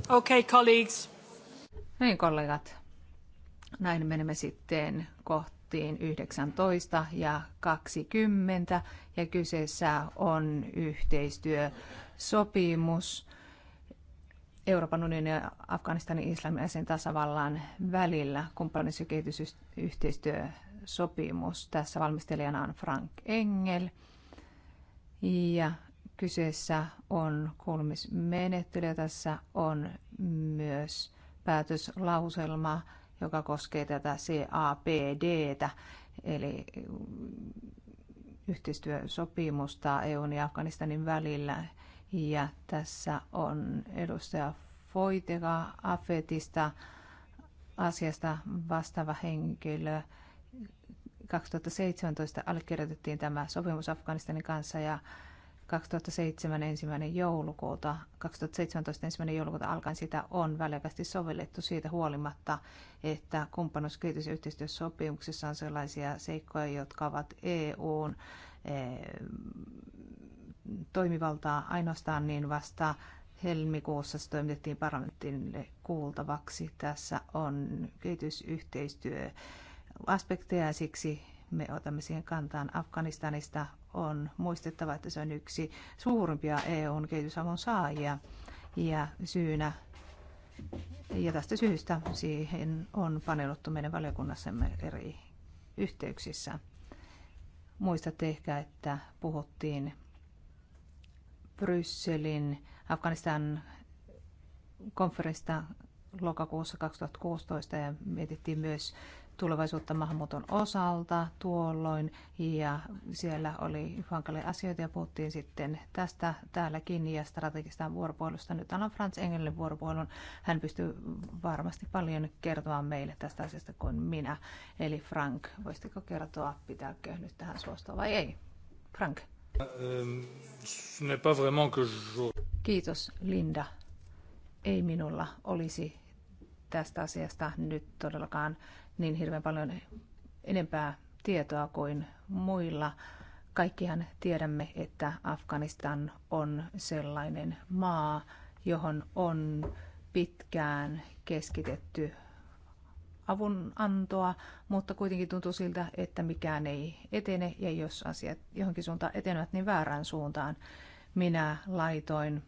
Okay, colleagues. Niin kollegat, näin menemme sitten kohtiin 19 ja 20 ja kyseessä on yhteistyösopimus Euroopan unionin ja Afganistanin islamilaisen tasavallan välillä kumppanis- ja kehitysyhteistyösopimus. Tässä valmistelijana on Frank Engel ja Kyseessä on kuulumismenettely ja tässä on myös päätöslauselma, joka koskee tätä CAPD, eli yhteistyösopimusta EUn ja Afganistanin välillä. Ja tässä on edustaja Foitega Afetista asiasta vastaava henkilö. 2017 allekirjoitettiin tämä sopimus Afganistanin kanssa ja 2007 ensimmäinen joulukuuta, 2017 ensimmäinen joulukuuta alkaen sitä on väliaikaisesti sovellettu siitä huolimatta, että kumppanuuskehitys- ja yhteistyösopimuksessa on sellaisia seikkoja, jotka ovat EUn eh, toimivaltaa ainoastaan niin vasta helmikuussa se toimitettiin parlamentille kuultavaksi. Tässä on kehitysyhteistyö aspekteja ja siksi me otamme siihen kantaan. Afganistanista on muistettava, että se on yksi suurimpia EUn kehitysavun saajia ja syynä ja tästä syystä siihen on paneuduttu meidän valiokunnassamme eri yhteyksissä. Muistatte ehkä, että puhuttiin Brysselin Afganistan konferenssista lokakuussa 2016 ja mietittiin myös tulevaisuutta maahanmuuton osalta tuolloin ja siellä oli hankalia asioita ja puhuttiin sitten tästä täälläkin ja strategista vuoropuhelusta. Nyt annan Frans Engelin vuoropuhelun. Hän pystyy varmasti paljon kertomaan meille tästä asiasta kuin minä. Eli Frank, voisitko kertoa, pitääkö nyt tähän suostua vai ei? Frank. Kiitos Linda. Ei minulla olisi tästä asiasta nyt todellakaan niin hirveän paljon enempää tietoa kuin muilla. Kaikkihan tiedämme, että Afganistan on sellainen maa, johon on pitkään keskitetty avunantoa, mutta kuitenkin tuntuu siltä, että mikään ei etene ja jos asiat johonkin suuntaan etenevät, niin väärään suuntaan. Minä laitoin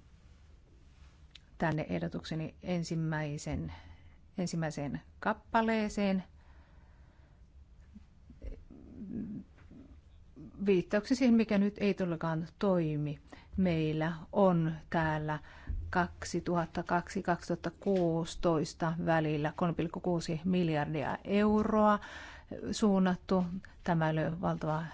tänne ehdotukseni ensimmäisen, ensimmäiseen kappaleeseen viittauksia siihen, mikä nyt ei todellakaan toimi. Meillä on täällä 2002-2016 välillä 3,6 miljardia euroa suunnattu. Tämä oli valtava eh,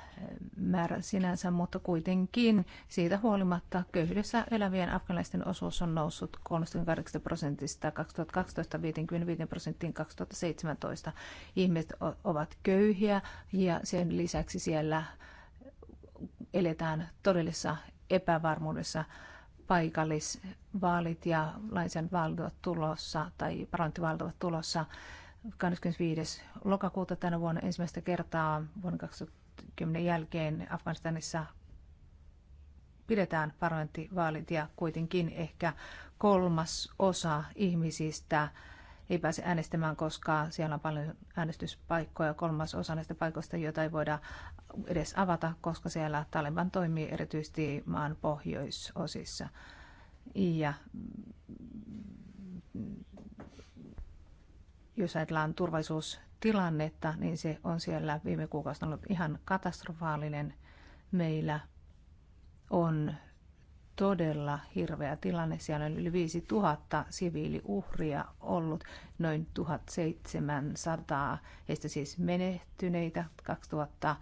määrä sinänsä, mutta kuitenkin siitä huolimatta köyhyydessä elävien afganalaisten osuus on noussut 38 prosentista 2012 55 prosenttiin 2017. Ihmiset ovat köyhiä ja sen lisäksi siellä eletään todellisessa epävarmuudessa paikallisvaalit ja lainsäädäntövaalit ovat tulossa tai parlamenttivaalit ovat tulossa 25. lokakuuta tänä vuonna ensimmäistä kertaa vuonna 2010 jälkeen Afganistanissa pidetään parlamenttivaalit ja kuitenkin ehkä kolmas osa ihmisistä ei pääse äänestämään, koska siellä on paljon äänestyspaikkoja, kolmas osa näistä paikoista, joita ei voida edes avata, koska siellä Taliban toimii erityisesti maan pohjoisosissa. Ja mm, jos ajatellaan turvallisuustilannetta, niin se on siellä viime kuukausina ollut ihan katastrofaalinen. Meillä on todella hirveä tilanne. Siellä on yli 5000 siviiliuhria ollut, noin 1700, heistä siis menehtyneitä 2000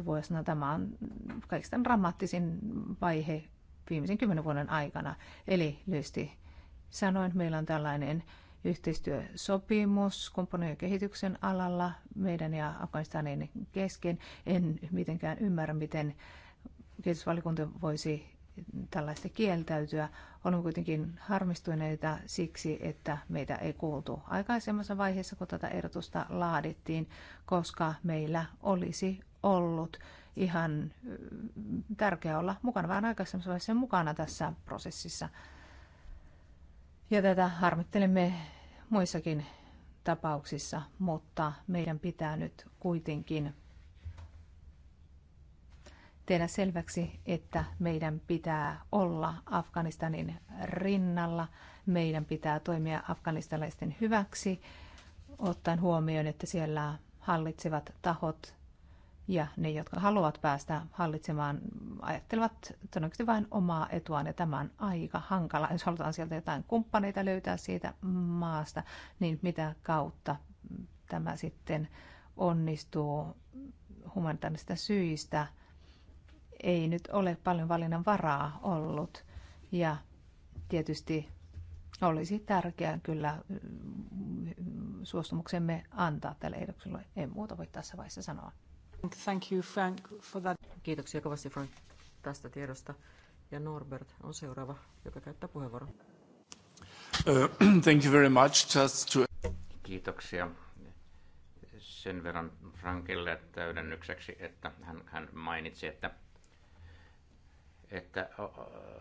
17-18 vuosina. Tämä on kaikista dramaattisin vaihe viimeisen kymmenen vuoden aikana. Eli lyhyesti sanoen, meillä on tällainen yhteistyösopimus komponen ja kehityksen alalla meidän ja Afganistanin kesken. En mitenkään ymmärrä, miten kehitysvalikunta voisi tällaista kieltäytyä. Olemme kuitenkin harmistuneita siksi, että meitä ei kuultu aikaisemmassa vaiheessa, kun tätä ehdotusta laadittiin, koska meillä olisi ollut ihan mm, tärkeää olla mukana, vähän aikaisemmassa vaiheessa mukana tässä prosessissa. Ja tätä harmittelemme muissakin tapauksissa, mutta meidän pitää nyt kuitenkin tehdä selväksi, että meidän pitää olla Afganistanin rinnalla, meidän pitää toimia afganistalaisten hyväksi, ottaen huomioon, että siellä hallitsevat tahot ja ne, jotka haluavat päästä hallitsemaan, ajattelevat todennäköisesti vain omaa etuaan. Ja tämä on aika hankala. Jos halutaan sieltä jotain kumppaneita löytää siitä maasta, niin mitä kautta tämä sitten onnistuu humanitaarisista syistä. Ei nyt ole paljon valinnan varaa ollut. Ja tietysti olisi tärkeää kyllä mm, suostumuksemme antaa tälle ehdokselle. En muuta voi tässä vaiheessa sanoa. Thank you, Frank, for that. Kiitoksia kovasti, Frank, tästä tiedosta. Ja Norbert on seuraava, joka käyttää puheenvuoron. Uh, thank you very much. Just to... Kiitoksia sen verran Frankille täydennykseksi, että hän, hän mainitsi, että, että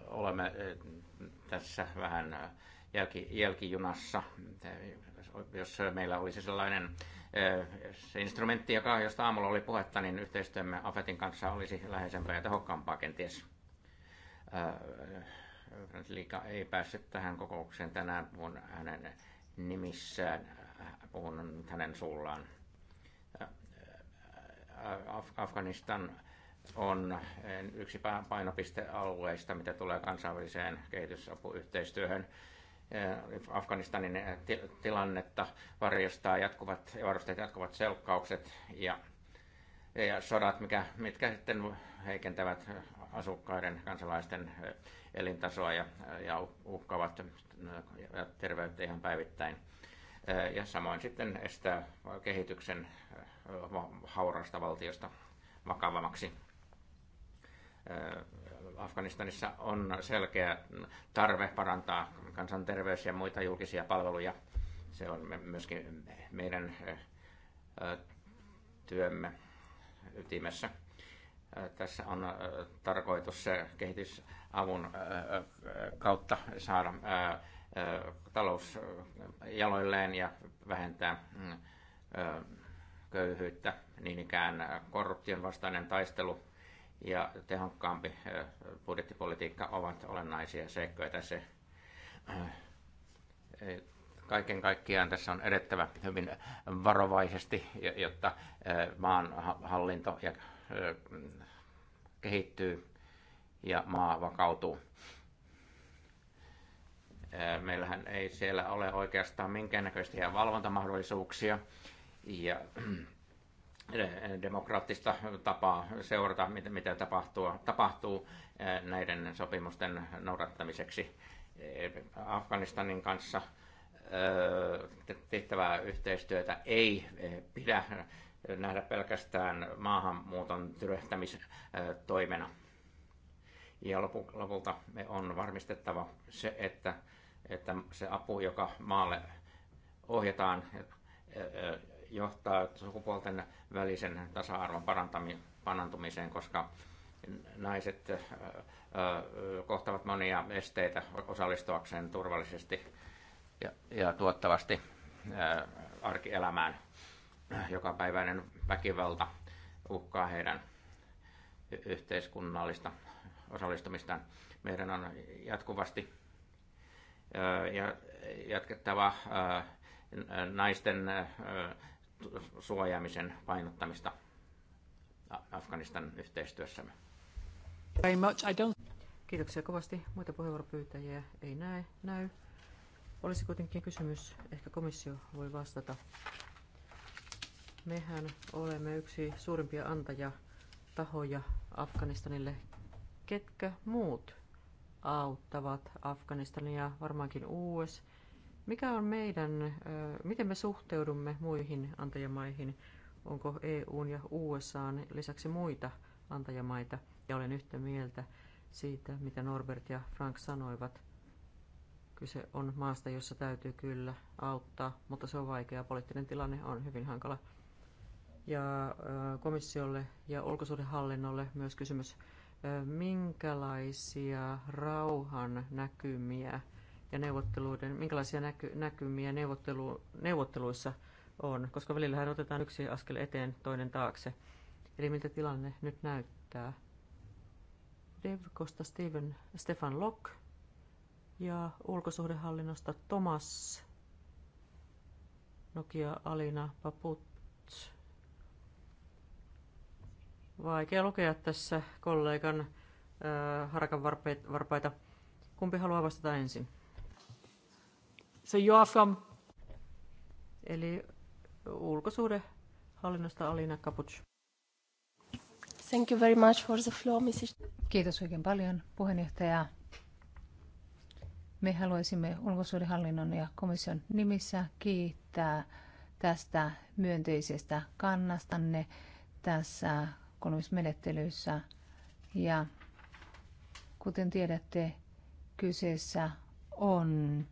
olemme eh, tässä vähän eh, jälki, jälkijunassa jos meillä olisi sellainen se instrumentti, joka, josta aamulla oli puhetta, niin yhteistyömme Afetin kanssa olisi läheisempää ja tehokkaampaa kenties. Liika ei päässyt tähän kokoukseen tänään, puhun hänen nimissään, puhun äh, nyt hänen suullaan. Af- Afganistan on yksi painopistealueista, mitä tulee kansainväliseen kehitysapuyhteistyöhön. Äh, Afganistanin äh, tilannetta varjostaa jatkuvat, varusteet jatkuvat selkkaukset ja, ja sodat, mikä, mitkä sitten heikentävät äh, asukkaiden, kansalaisten elintasoa ja, ja uhkaavat terveyttä ihan päivittäin. Ja samoin sitten estää kehityksen haurasta valtiosta vakavammaksi Afganistanissa on selkeä tarve parantaa kansanterveys ja muita julkisia palveluja. Se on myöskin meidän työmme ytimessä. Tässä on tarkoitus kehitysavun kautta saada talous jaloilleen ja vähentää mm, köyhyyttä, niin ikään korruption vastainen taistelu ja tehokkaampi budjettipolitiikka ovat olennaisia seikkoja tässä. Kaiken kaikkiaan tässä on edettävä hyvin varovaisesti, jotta maan hallinto kehittyy ja maa vakautuu. Meillähän ei siellä ole oikeastaan minkäännäköisiä valvontamahdollisuuksia. Ja demokraattista tapaa seurata, mitä, tapahtuu, tapahtuu eh, näiden sopimusten noudattamiseksi eh, Afganistanin kanssa eh, tehtävää yhteistyötä ei pidä nähdä pelkästään maahanmuuton tyrehtämistoimena. Ja lopulta me on varmistettava se, että, että se apu, joka maalle ohjataan, johtaa sukupuolten välisen tasa-arvon parantumiseen, koska naiset kohtavat monia esteitä osallistuakseen turvallisesti ja, ja tuottavasti arkielämään. Jokapäiväinen väkivalta uhkaa heidän yhteiskunnallista osallistumistaan. Meidän on jatkuvasti ja jatkettava naisten suojaamisen painottamista Afganistan yhteistyössämme. Very much. I don't... Kiitoksia kovasti. Muita puheenvuoropyytäjiä ei näe, näy. Olisi kuitenkin kysymys, ehkä komissio voi vastata. Mehän olemme yksi suurimpia tahoja Afganistanille. Ketkä muut auttavat Afganistania? Varmaankin US, mikä on meidän, miten me suhteudumme muihin antajamaihin? Onko EUn ja USA lisäksi muita antajamaita? Ja olen yhtä mieltä siitä, mitä Norbert ja Frank sanoivat. Kyse on maasta, jossa täytyy kyllä auttaa, mutta se on vaikea. Poliittinen tilanne on hyvin hankala. Ja komissiolle ja ulkosuhdehallinnolle myös kysymys, minkälaisia rauhan näkymiä – ja neuvotteluiden, minkälaisia näky, näkymiä neuvottelu, neuvotteluissa on, koska välillähän otetaan yksi askel eteen, toinen taakse. Eli miltä tilanne nyt näyttää? Devkosta Steven, Stefan Lok ja ulkosuhdehallinnosta Thomas Nokia Alina Paput. Vaikea lukea tässä kollegan äh, harakan varpeita. Kumpi haluaa vastata ensin? So you are from... Eli hallinnosta Alina Kapuc. Thank you very much for the floor, Mrs. Kiitos oikein paljon puheenjohtaja. Me haluaisimme ulkosuhdehallinnon ja komission nimissä kiittää tästä myönteisestä kannastanne tässä kolmismenettelyssä. Ja kuten tiedätte, kyseessä on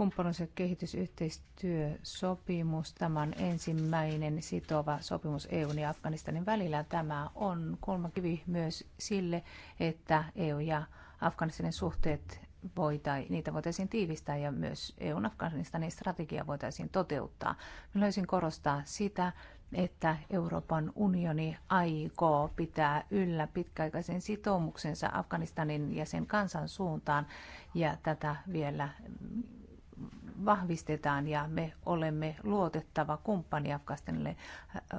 kumppanuus- ja kehitysyhteistyösopimus. Tämä on ensimmäinen sitova sopimus EUn ja Afganistanin välillä. Tämä on kulmakivi myös sille, että EU ja Afganistanin suhteet voitai, niitä voitaisiin tiivistää ja myös EUn Afganistanin strategia voitaisiin toteuttaa. haluaisin korostaa sitä, että Euroopan unioni aikoo pitää yllä pitkäaikaisen sitoumuksensa Afganistanin ja sen kansan suuntaan ja tätä vielä vahvistetaan ja me olemme luotettava kumppani Afganistanille.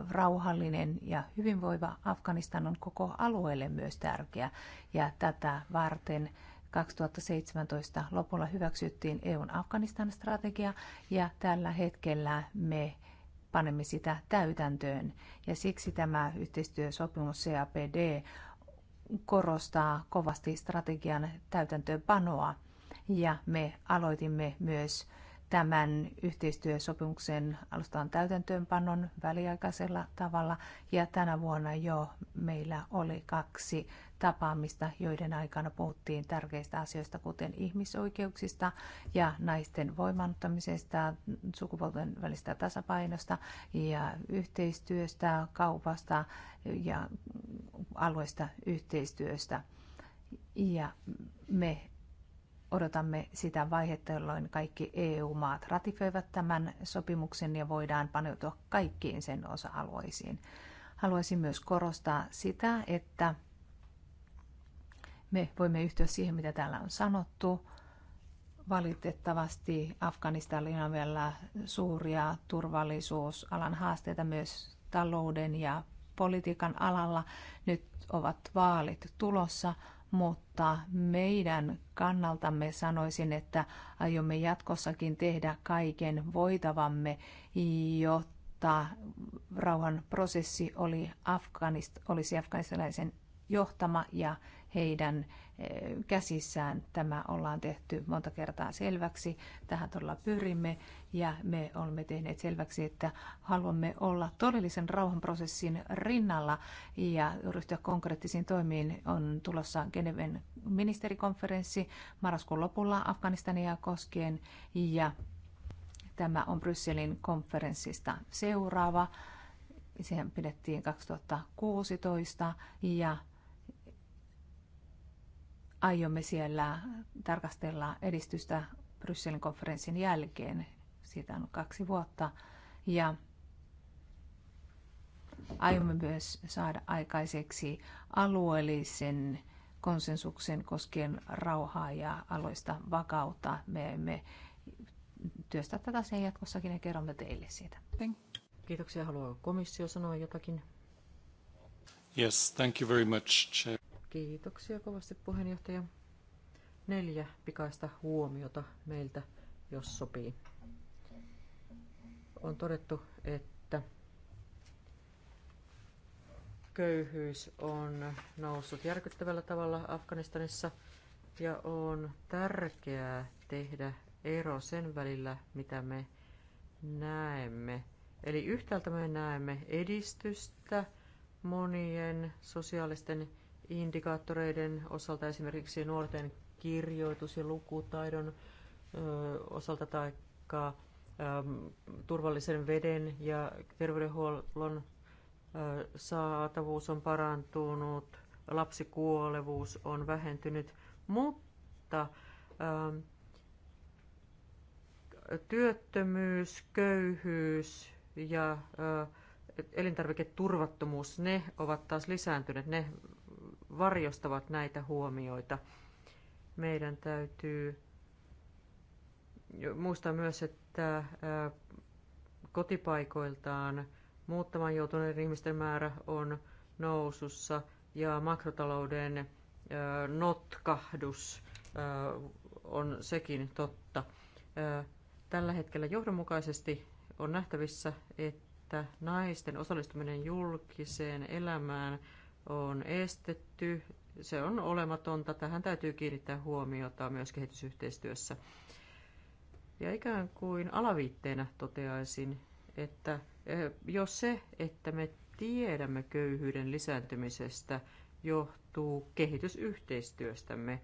Rauhallinen ja hyvinvoiva Afganistan on koko alueelle myös tärkeä ja tätä varten 2017 lopulla hyväksyttiin EUn Afganistan-strategia ja tällä hetkellä me panemme sitä täytäntöön. Ja siksi tämä yhteistyösopimus CAPD korostaa kovasti strategian täytäntöönpanoa. Ja me aloitimme myös tämän yhteistyösopimuksen alustavan täytäntöönpannon väliaikaisella tavalla. Ja tänä vuonna jo meillä oli kaksi tapaamista, joiden aikana puhuttiin tärkeistä asioista, kuten ihmisoikeuksista ja naisten voimannuttamisesta, sukupuolten välistä tasapainosta ja yhteistyöstä, kaupasta ja alueesta yhteistyöstä. Ja me odotamme sitä vaihetta, jolloin kaikki EU-maat ratifioivat tämän sopimuksen ja voidaan paneutua kaikkiin sen osa-alueisiin. Haluaisin myös korostaa sitä, että me voimme yhtyä siihen, mitä täällä on sanottu. Valitettavasti Afganistanilla on vielä suuria turvallisuusalan haasteita myös talouden ja politiikan alalla. Nyt ovat vaalit tulossa mutta meidän kannaltamme sanoisin, että aiomme jatkossakin tehdä kaiken voitavamme, jotta rauhan prosessi oli Afganist, olisi afganistalaisen johtama ja heidän eh, käsissään. Tämä ollaan tehty monta kertaa selväksi. Tähän todella pyrimme ja me olemme tehneet selväksi, että haluamme olla todellisen rauhanprosessin rinnalla ja ryhtyä konkreettisiin toimiin. On tulossa Geneven ministerikonferenssi marraskuun lopulla Afganistania koskien ja tämä on Brysselin konferenssista seuraava. Sehän pidettiin 2016 ja aiomme siellä tarkastella edistystä Brysselin konferenssin jälkeen. Siitä on kaksi vuotta. Ja aiomme myös saada aikaiseksi alueellisen konsensuksen koskien rauhaa ja aloista vakautta. Me emme työstää tätä asiaa jatkossakin ja kerromme teille siitä. Kiitoksia. Haluaa komissio sanoa jotakin? Yes, thank you very much, Chair. Kiitoksia kovasti puheenjohtaja. Neljä pikaista huomiota meiltä, jos sopii. On todettu, että köyhyys on noussut järkyttävällä tavalla Afganistanissa ja on tärkeää tehdä ero sen välillä, mitä me näemme. Eli yhtäältä me näemme edistystä monien sosiaalisten indikaattoreiden osalta, esimerkiksi nuorten kirjoitus- ja lukutaidon osalta tai turvallisen veden ja terveydenhuollon saatavuus on parantunut, lapsikuolevuus on vähentynyt, mutta työttömyys, köyhyys ja elintarviketurvattomuus, ne ovat taas lisääntyneet, ne varjostavat näitä huomioita. Meidän täytyy muistaa myös, että kotipaikoiltaan muuttamaan joutuneiden ihmisten määrä on nousussa ja makrotalouden notkahdus on sekin totta. Tällä hetkellä johdonmukaisesti on nähtävissä, että naisten osallistuminen julkiseen elämään – on estetty. Se on olematonta. Tähän täytyy kiinnittää huomiota myös kehitysyhteistyössä. Ja ikään kuin alaviitteenä toteaisin, että eh, jos se, että me tiedämme köyhyyden lisääntymisestä, johtuu kehitysyhteistyöstämme,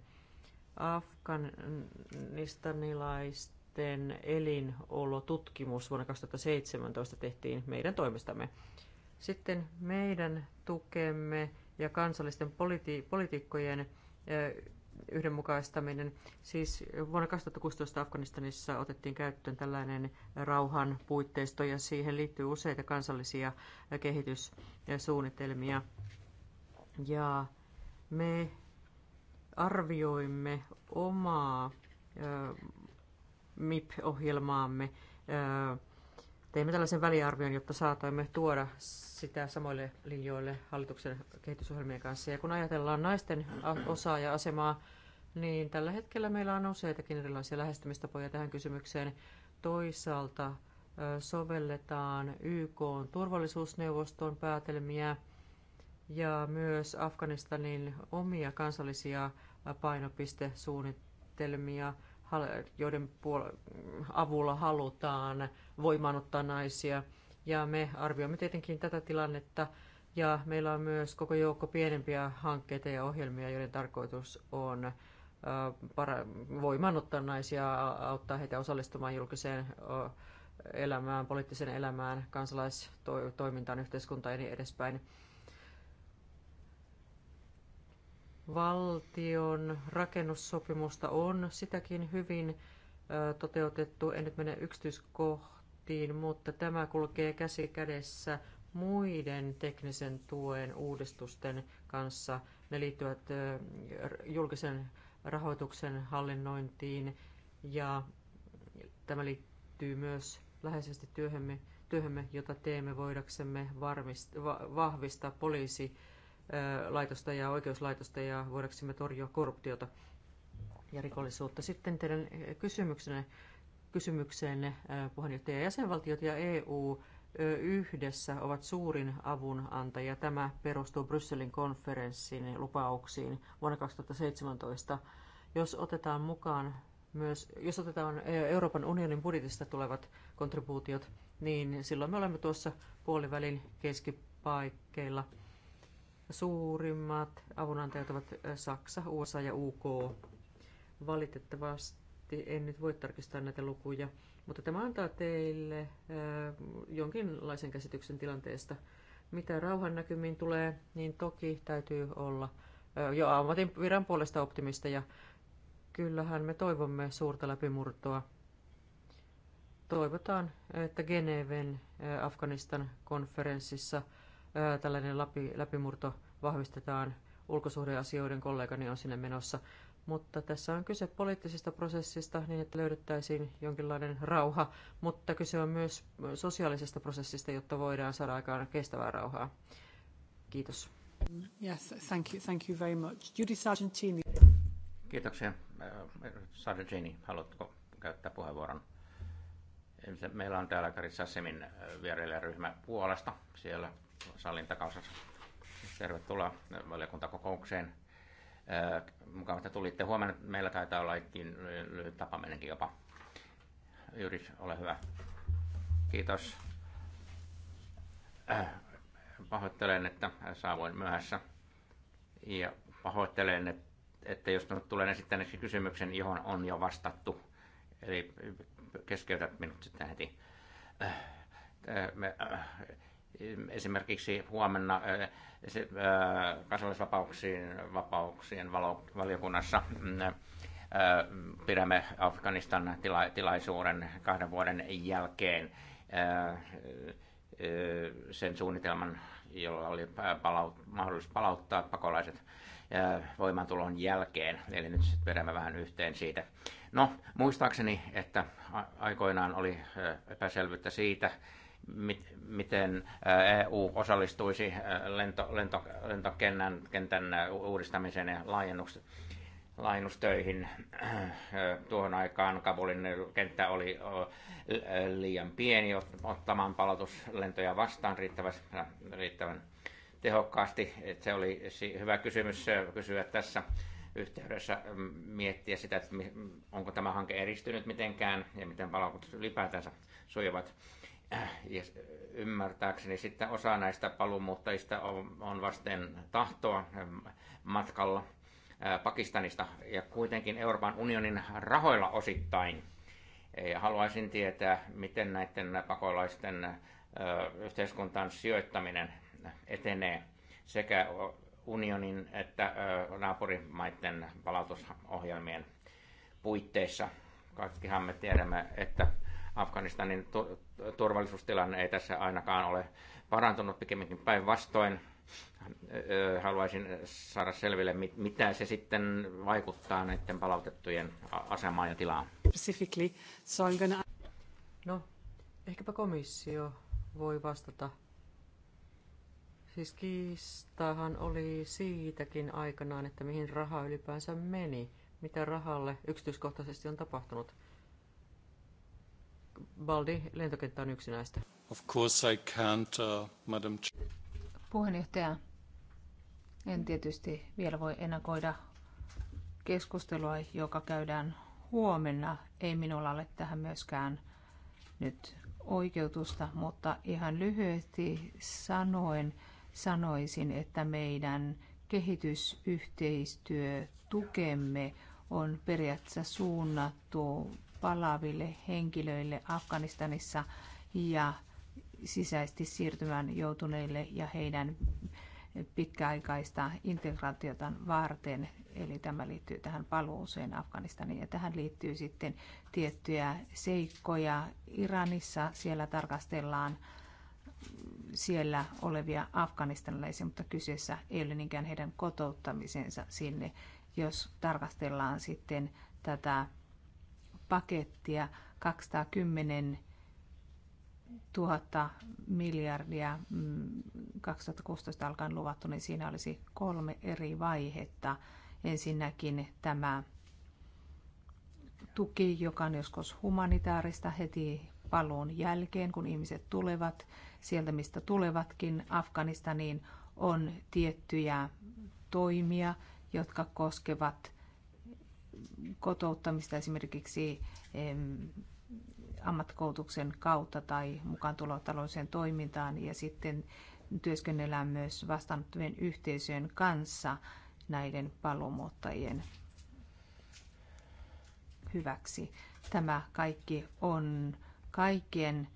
afganistanilaisten elinolotutkimus vuonna 2017 tehtiin meidän toimestamme. Sitten meidän tukemme ja kansallisten politi- politiikkojen yhdenmukaistaminen. Siis vuonna 2016 Afganistanissa otettiin käyttöön tällainen rauhan puitteisto ja siihen liittyy useita kansallisia kehityssuunnitelmia. Ja me arvioimme omaa MIP-ohjelmaamme Teimme tällaisen väliarvion, jotta saatoimme tuoda sitä samoille linjoille hallituksen kehitysohjelmien kanssa. Ja kun ajatellaan naisten osaa ja asemaa, niin tällä hetkellä meillä on useitakin erilaisia lähestymistapoja tähän kysymykseen. Toisaalta sovelletaan YK turvallisuusneuvoston päätelmiä ja myös Afganistanin omia kansallisia painopistesuunnitelmia – joiden avulla halutaan voimaanottaa naisia. Ja me arvioimme tietenkin tätä tilannetta ja meillä on myös koko joukko pienempiä hankkeita ja ohjelmia, joiden tarkoitus on voimaanottaa naisia, auttaa heitä osallistumaan julkiseen elämään, poliittiseen elämään, kansalaistoimintaan, yhteiskuntaan ja niin edespäin. valtion rakennussopimusta on sitäkin hyvin toteutettu. En nyt mene yksityiskohtiin, mutta tämä kulkee käsi kädessä muiden teknisen tuen uudistusten kanssa. Ne liittyvät julkisen rahoituksen hallinnointiin ja tämä liittyy myös läheisesti työhömme, työhömme jota teemme voidaksemme varmist, va, vahvistaa poliisi laitosta ja oikeuslaitosta ja me torjua korruptiota ja rikollisuutta. Sitten teidän kysymyksenne, kysymykseenne puheenjohtaja jäsenvaltiot ja EU yhdessä ovat suurin avunantaja. Tämä perustuu Brysselin konferenssin lupauksiin vuonna 2017. Jos otetaan mukaan myös, jos otetaan Euroopan unionin budjetista tulevat kontribuutiot, niin silloin me olemme tuossa puolivälin keskipaikkeilla – Suurimmat avunantajat ovat Saksa, USA ja UK. Valitettavasti en nyt voi tarkistaa näitä lukuja, mutta tämä antaa teille jonkinlaisen käsityksen tilanteesta. Mitä rauhan näkymiin tulee, niin toki täytyy olla jo ammatin viran puolesta optimisteja. Kyllähän me toivomme suurta läpimurtoa. Toivotaan, että Geneven Afganistan konferenssissa – tällainen läpi, läpimurto vahvistetaan. Ulkosuhdeasioiden kollegani on sinne menossa. Mutta tässä on kyse poliittisesta prosessista niin, että löydettäisiin jonkinlainen rauha, mutta kyse on myös sosiaalisesta prosessista, jotta voidaan saada aikaan kestävää rauhaa. Kiitos. Yes, thank you, thank you very much. Judy Sargentini. Kiitoksia. Sargentini, haluatko käyttää puheenvuoron? Meillä on täällä Karissa Semin vierellä ryhmä Puolasta. Siellä salin takaosassa. Tervetuloa valiokuntakokoukseen. Mukava, että tulitte. Huomenna meillä taitaa olla lyhyt mennäkin jopa. Jyris, ole hyvä. Kiitos. Äh, pahoittelen, että saavuin myöhässä. Ja pahoittelen, että, jos tulen esittäneeksi kysymyksen, johon on jo vastattu. Eli keskeytät minut sitten heti. Äh, me, äh, esimerkiksi huomenna kansallisvapauksien vapauksien valiokunnassa mm, pidämme Afganistan tilaisuuden kahden vuoden jälkeen sen suunnitelman, jolla oli palaut, mahdollisuus palauttaa pakolaiset voimantulon jälkeen. Eli nyt sitten vedämme vähän yhteen siitä. No, muistaakseni, että aikoinaan oli epäselvyyttä siitä, miten EU osallistuisi lento, lento, lentokentän kentän uudistamiseen ja laajennukseen laajennustöihin. Tuohon aikaan Kabulin kenttä oli liian pieni ottamaan palautuslentoja vastaan riittävän, riittävän tehokkaasti. Että se oli hyvä kysymys kysyä tässä yhteydessä miettiä sitä, että onko tämä hanke eristynyt mitenkään ja miten palautukset ylipäätänsä sujuvat. Äh, ja ymmärtääkseni sitten osa näistä paluumuuttajista on, on vasten tahtoa äh, matkalla äh, Pakistanista ja kuitenkin Euroopan unionin rahoilla osittain. Ja haluaisin tietää, miten näiden pakolaisten yhteiskuntaan sijoittaminen etenee sekä unionin että naapurimaiden palautusohjelmien puitteissa. Kaikkihan me tiedämme, että Afganistanin turvallisuustilanne ei tässä ainakaan ole parantunut, pikemminkin päinvastoin. Haluaisin saada selville, mitä se sitten vaikuttaa näiden palautettujen asemaan ja tilaan. Specifically, so I'm gonna... No, ehkäpä komissio voi vastata. Siis kiistahan oli siitäkin aikanaan, että mihin raha ylipäänsä meni, mitä rahalle yksityiskohtaisesti on tapahtunut – Baldi, lentokenttä on yksi näistä. Of course I can't, uh, Madam Puheenjohtaja, en tietysti vielä voi ennakoida keskustelua, joka käydään huomenna. Ei minulla ole tähän myöskään nyt oikeutusta, mutta ihan lyhyesti sanoen sanoisin, että meidän kehitysyhteistyö tukemme on periaatteessa suunnattu palaaville henkilöille Afganistanissa ja sisäisesti siirtymään joutuneille ja heidän pitkäaikaista integraatiotaan varten. Eli tämä liittyy tähän paluuseen Afganistaniin ja tähän liittyy sitten tiettyjä seikkoja. Iranissa siellä tarkastellaan siellä olevia afganistanilaisia, mutta kyseessä ei ole niinkään heidän kotouttamisensa sinne. Jos tarkastellaan sitten tätä pakettia 210 000 miljardia 2016 mm, alkaen luvattu, niin siinä olisi kolme eri vaihetta. Ensinnäkin tämä tuki, joka on joskus humanitaarista heti paluun jälkeen, kun ihmiset tulevat sieltä, mistä tulevatkin Afganistaniin, on tiettyjä toimia, jotka koskevat kotouttamista esimerkiksi ammattikoulutuksen kautta tai mukaan tulotaloudelliseen toimintaan ja sitten työskennellään myös vastaanottavien yhteisöjen kanssa näiden paluumuuttajien hyväksi. Tämä kaikki on kaikkien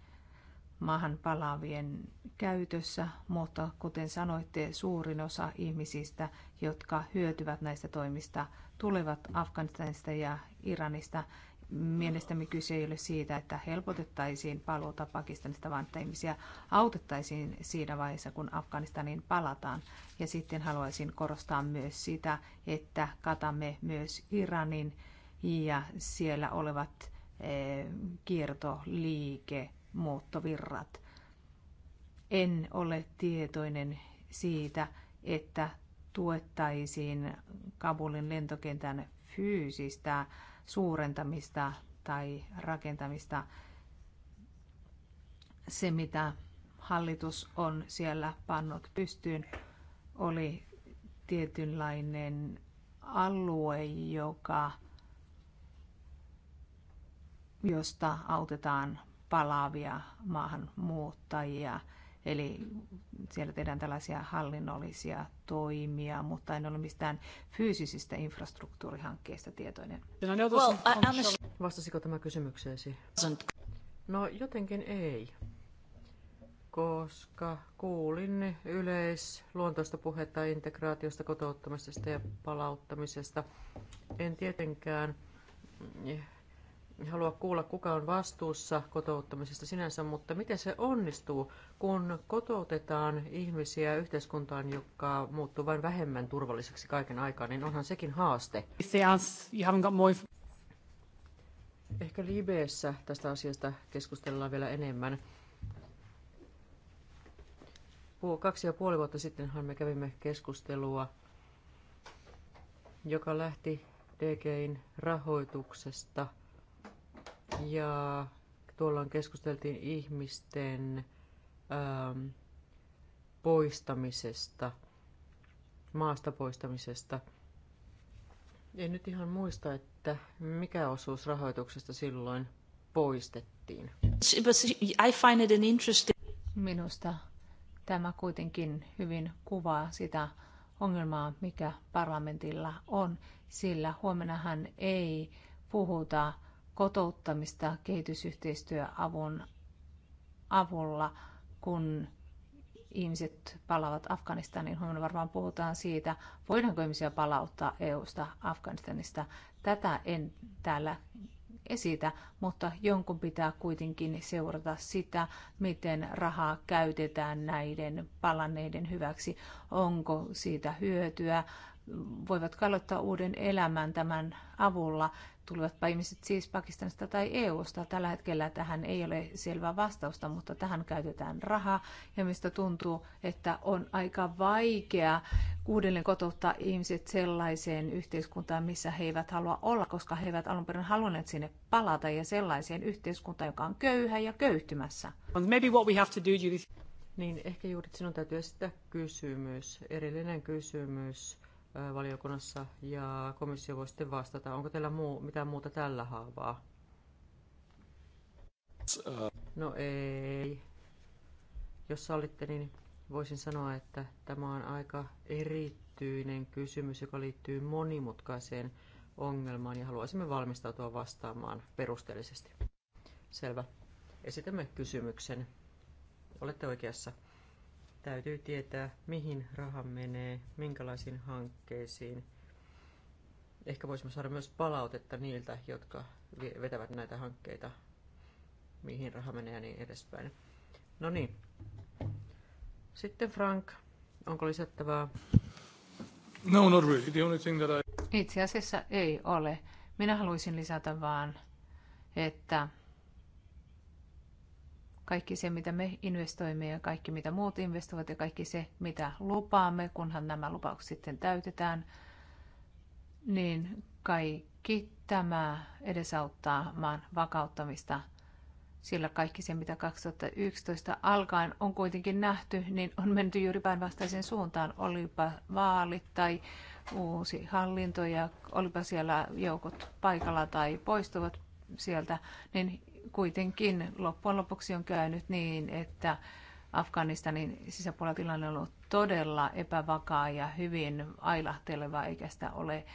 maahan palaavien käytössä, mutta kuten sanoitte, suurin osa ihmisistä, jotka hyötyvät näistä toimista, tulevat Afganistanista ja Iranista. Mielestäni kyse ei ole siitä, että helpotettaisiin paluuta Pakistanista, vaan että ihmisiä autettaisiin siinä vaiheessa, kun Afganistaniin palataan. Ja sitten haluaisin korostaa myös sitä, että katamme myös Iranin ja siellä olevat eh, kiertoliike muuttovirrat. En ole tietoinen siitä, että tuettaisiin Kabulin lentokentän fyysistä suurentamista tai rakentamista. Se, mitä hallitus on siellä pannut pystyyn, oli tietynlainen alue, joka, josta autetaan palaavia maahanmuuttajia. Eli siellä tehdään tällaisia hallinnollisia toimia, mutta en ole mistään fyysisistä infrastruktuurihankkeista tietoinen. Vastasiko tämä kysymykseesi? No jotenkin ei, koska kuulin yleisluontoista puhetta integraatiosta, kotouttamisesta ja palauttamisesta. En tietenkään halua kuulla, kuka on vastuussa kotouttamisesta sinänsä, mutta miten se onnistuu, kun kotoutetaan ihmisiä yhteiskuntaan, joka muuttuu vain vähemmän turvalliseksi kaiken aikaa, niin onhan sekin haaste. Ehkä Libeessä tästä asiasta keskustellaan vielä enemmän. Kaksi ja puoli vuotta sittenhan me kävimme keskustelua, joka lähti DGin rahoituksesta – ja tuolloin keskusteltiin ihmisten ähm, poistamisesta, maasta poistamisesta. En nyt ihan muista, että mikä osuus rahoituksesta silloin poistettiin. I find it an interesting... Minusta tämä kuitenkin hyvin kuvaa sitä ongelmaa, mikä parlamentilla on, sillä huomennahan ei puhuta kotouttamista kehitysyhteistyöavun avulla, kun ihmiset palaavat Afganistaniin. Huomenna varmaan puhutaan siitä, voidaanko ihmisiä palauttaa EUsta Afganistanista. Tätä en täällä esitä, mutta jonkun pitää kuitenkin seurata sitä, miten rahaa käytetään näiden palanneiden hyväksi. Onko siitä hyötyä? Voivat aloittaa uuden elämän tämän avulla Tulivatpa ihmiset siis Pakistanista tai EUsta. Tällä hetkellä tähän ei ole selvää vastausta, mutta tähän käytetään rahaa. Ja mistä tuntuu, että on aika vaikea uudelleen kotouttaa ihmiset sellaiseen yhteiskuntaan, missä he eivät halua olla, koska he eivät alun perin halunneet sinne palata ja sellaiseen yhteiskuntaan, joka on köyhä ja köyhtymässä. Maybe what we have to do, Judith. Niin, ehkä juuri sinun täytyy esittää kysymys, erillinen kysymys valiokunnassa ja komissio voi sitten vastata. Onko teillä muu, mitään muuta tällä haavaa? No ei. Jos sallitte, niin voisin sanoa, että tämä on aika erityinen kysymys, joka liittyy monimutkaiseen ongelmaan ja haluaisimme valmistautua vastaamaan perusteellisesti. Selvä. Esitämme kysymyksen. Olette oikeassa. Täytyy tietää, mihin raha menee, minkälaisiin hankkeisiin. Ehkä voisimme saada myös palautetta niiltä, jotka vetävät näitä hankkeita, mihin raha menee ja niin edespäin. No niin. Sitten Frank, onko lisättävää? No, not really. The only thing that I... Itse asiassa ei ole. Minä haluaisin lisätä vaan, että kaikki se, mitä me investoimme ja kaikki, mitä muut investoivat ja kaikki se, mitä lupaamme, kunhan nämä lupaukset sitten täytetään, niin kaikki tämä edesauttaa maan vakauttamista sillä kaikki se, mitä 2011 alkaen on kuitenkin nähty, niin on menty juuri päinvastaiseen suuntaan. Olipa vaalit tai uusi hallinto ja olipa siellä joukot paikalla tai poistuvat sieltä, niin kuitenkin loppujen lopuksi on käynyt niin, että Afganistanin sisäpuolella tilanne on ollut todella epävakaa ja hyvin ailahteleva, eikä sitä ole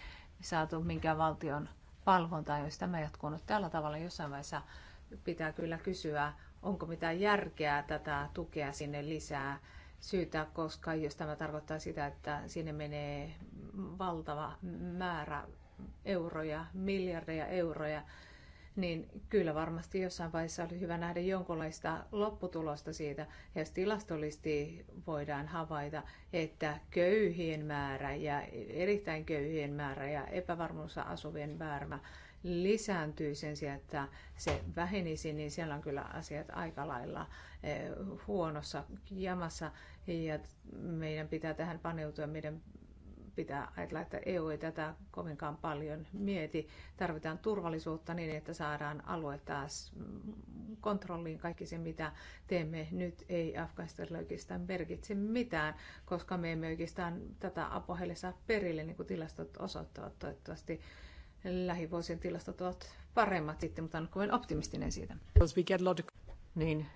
saatu minkään valtion valvontaa, jos tämä jatkuu nyt tällä tavalla jossain vaiheessa pitää kyllä kysyä, onko mitään järkeä tätä tukea sinne lisää syytä, koska jos tämä tarkoittaa sitä, että sinne menee valtava määrä euroja, miljardeja euroja, niin kyllä varmasti jossain vaiheessa oli hyvä nähdä jonkinlaista lopputulosta siitä. Ja jos tilastollisesti voidaan havaita, että köyhien määrä ja erittäin köyhien määrä ja epävarmuudessa asuvien määrä lisääntyy sen sijaan, että se vähenisi, niin siellä on kyllä asiat aika lailla eh, huonossa jamassa ja meidän pitää tähän paneutua, meidän pitää ajatella, että EU ei tätä kovinkaan paljon mieti. Tarvitaan turvallisuutta niin, että saadaan alue taas kontrolliin. Kaikki se, mitä teemme nyt, ei Afganistanilla oikeastaan merkitse mitään, koska me emme oikeastaan tätä apua heille saa perille, niin kuin tilastot osoittavat. Toivottavasti lähivuosien tilastot ovat paremmat sitten, mutta on kovin optimistinen siitä. Niin,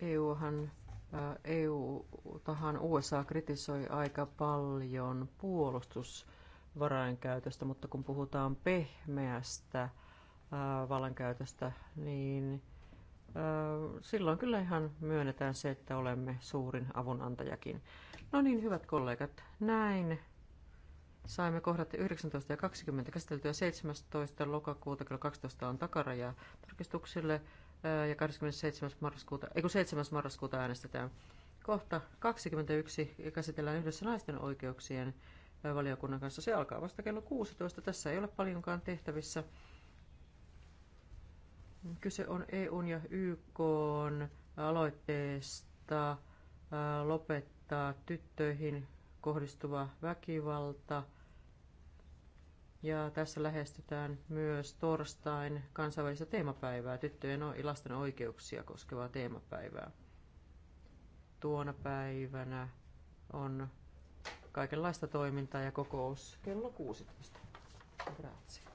EUhan e EU tahan USA kritisoi aika paljon puolustusvarainkäytöstä, mutta kun puhutaan pehmeästä äh, vallankäytöstä, niin äh, silloin kyllä ihan myönnetään se, että olemme suurin avunantajakin. No niin, hyvät kollegat, näin saimme kohdat 19 ja 20 käsiteltyä 17. lokakuuta kello 12 on takaraja tarkistuksille ja 27. marraskuuta, ei 7. marraskuuta äänestetään. Kohta 21 käsitellään yhdessä naisten oikeuksien valiokunnan kanssa. Se alkaa vasta kello 16. Tässä ei ole paljonkaan tehtävissä. Kyse on EUn ja YKn aloitteesta lopettaa tyttöihin kohdistuva väkivalta – ja tässä lähestytään myös torstain kansainvälistä teemapäivää, tyttöjen ja lasten oikeuksia koskevaa teemapäivää. Tuona päivänä on kaikenlaista toimintaa ja kokous kello 16. Grazie.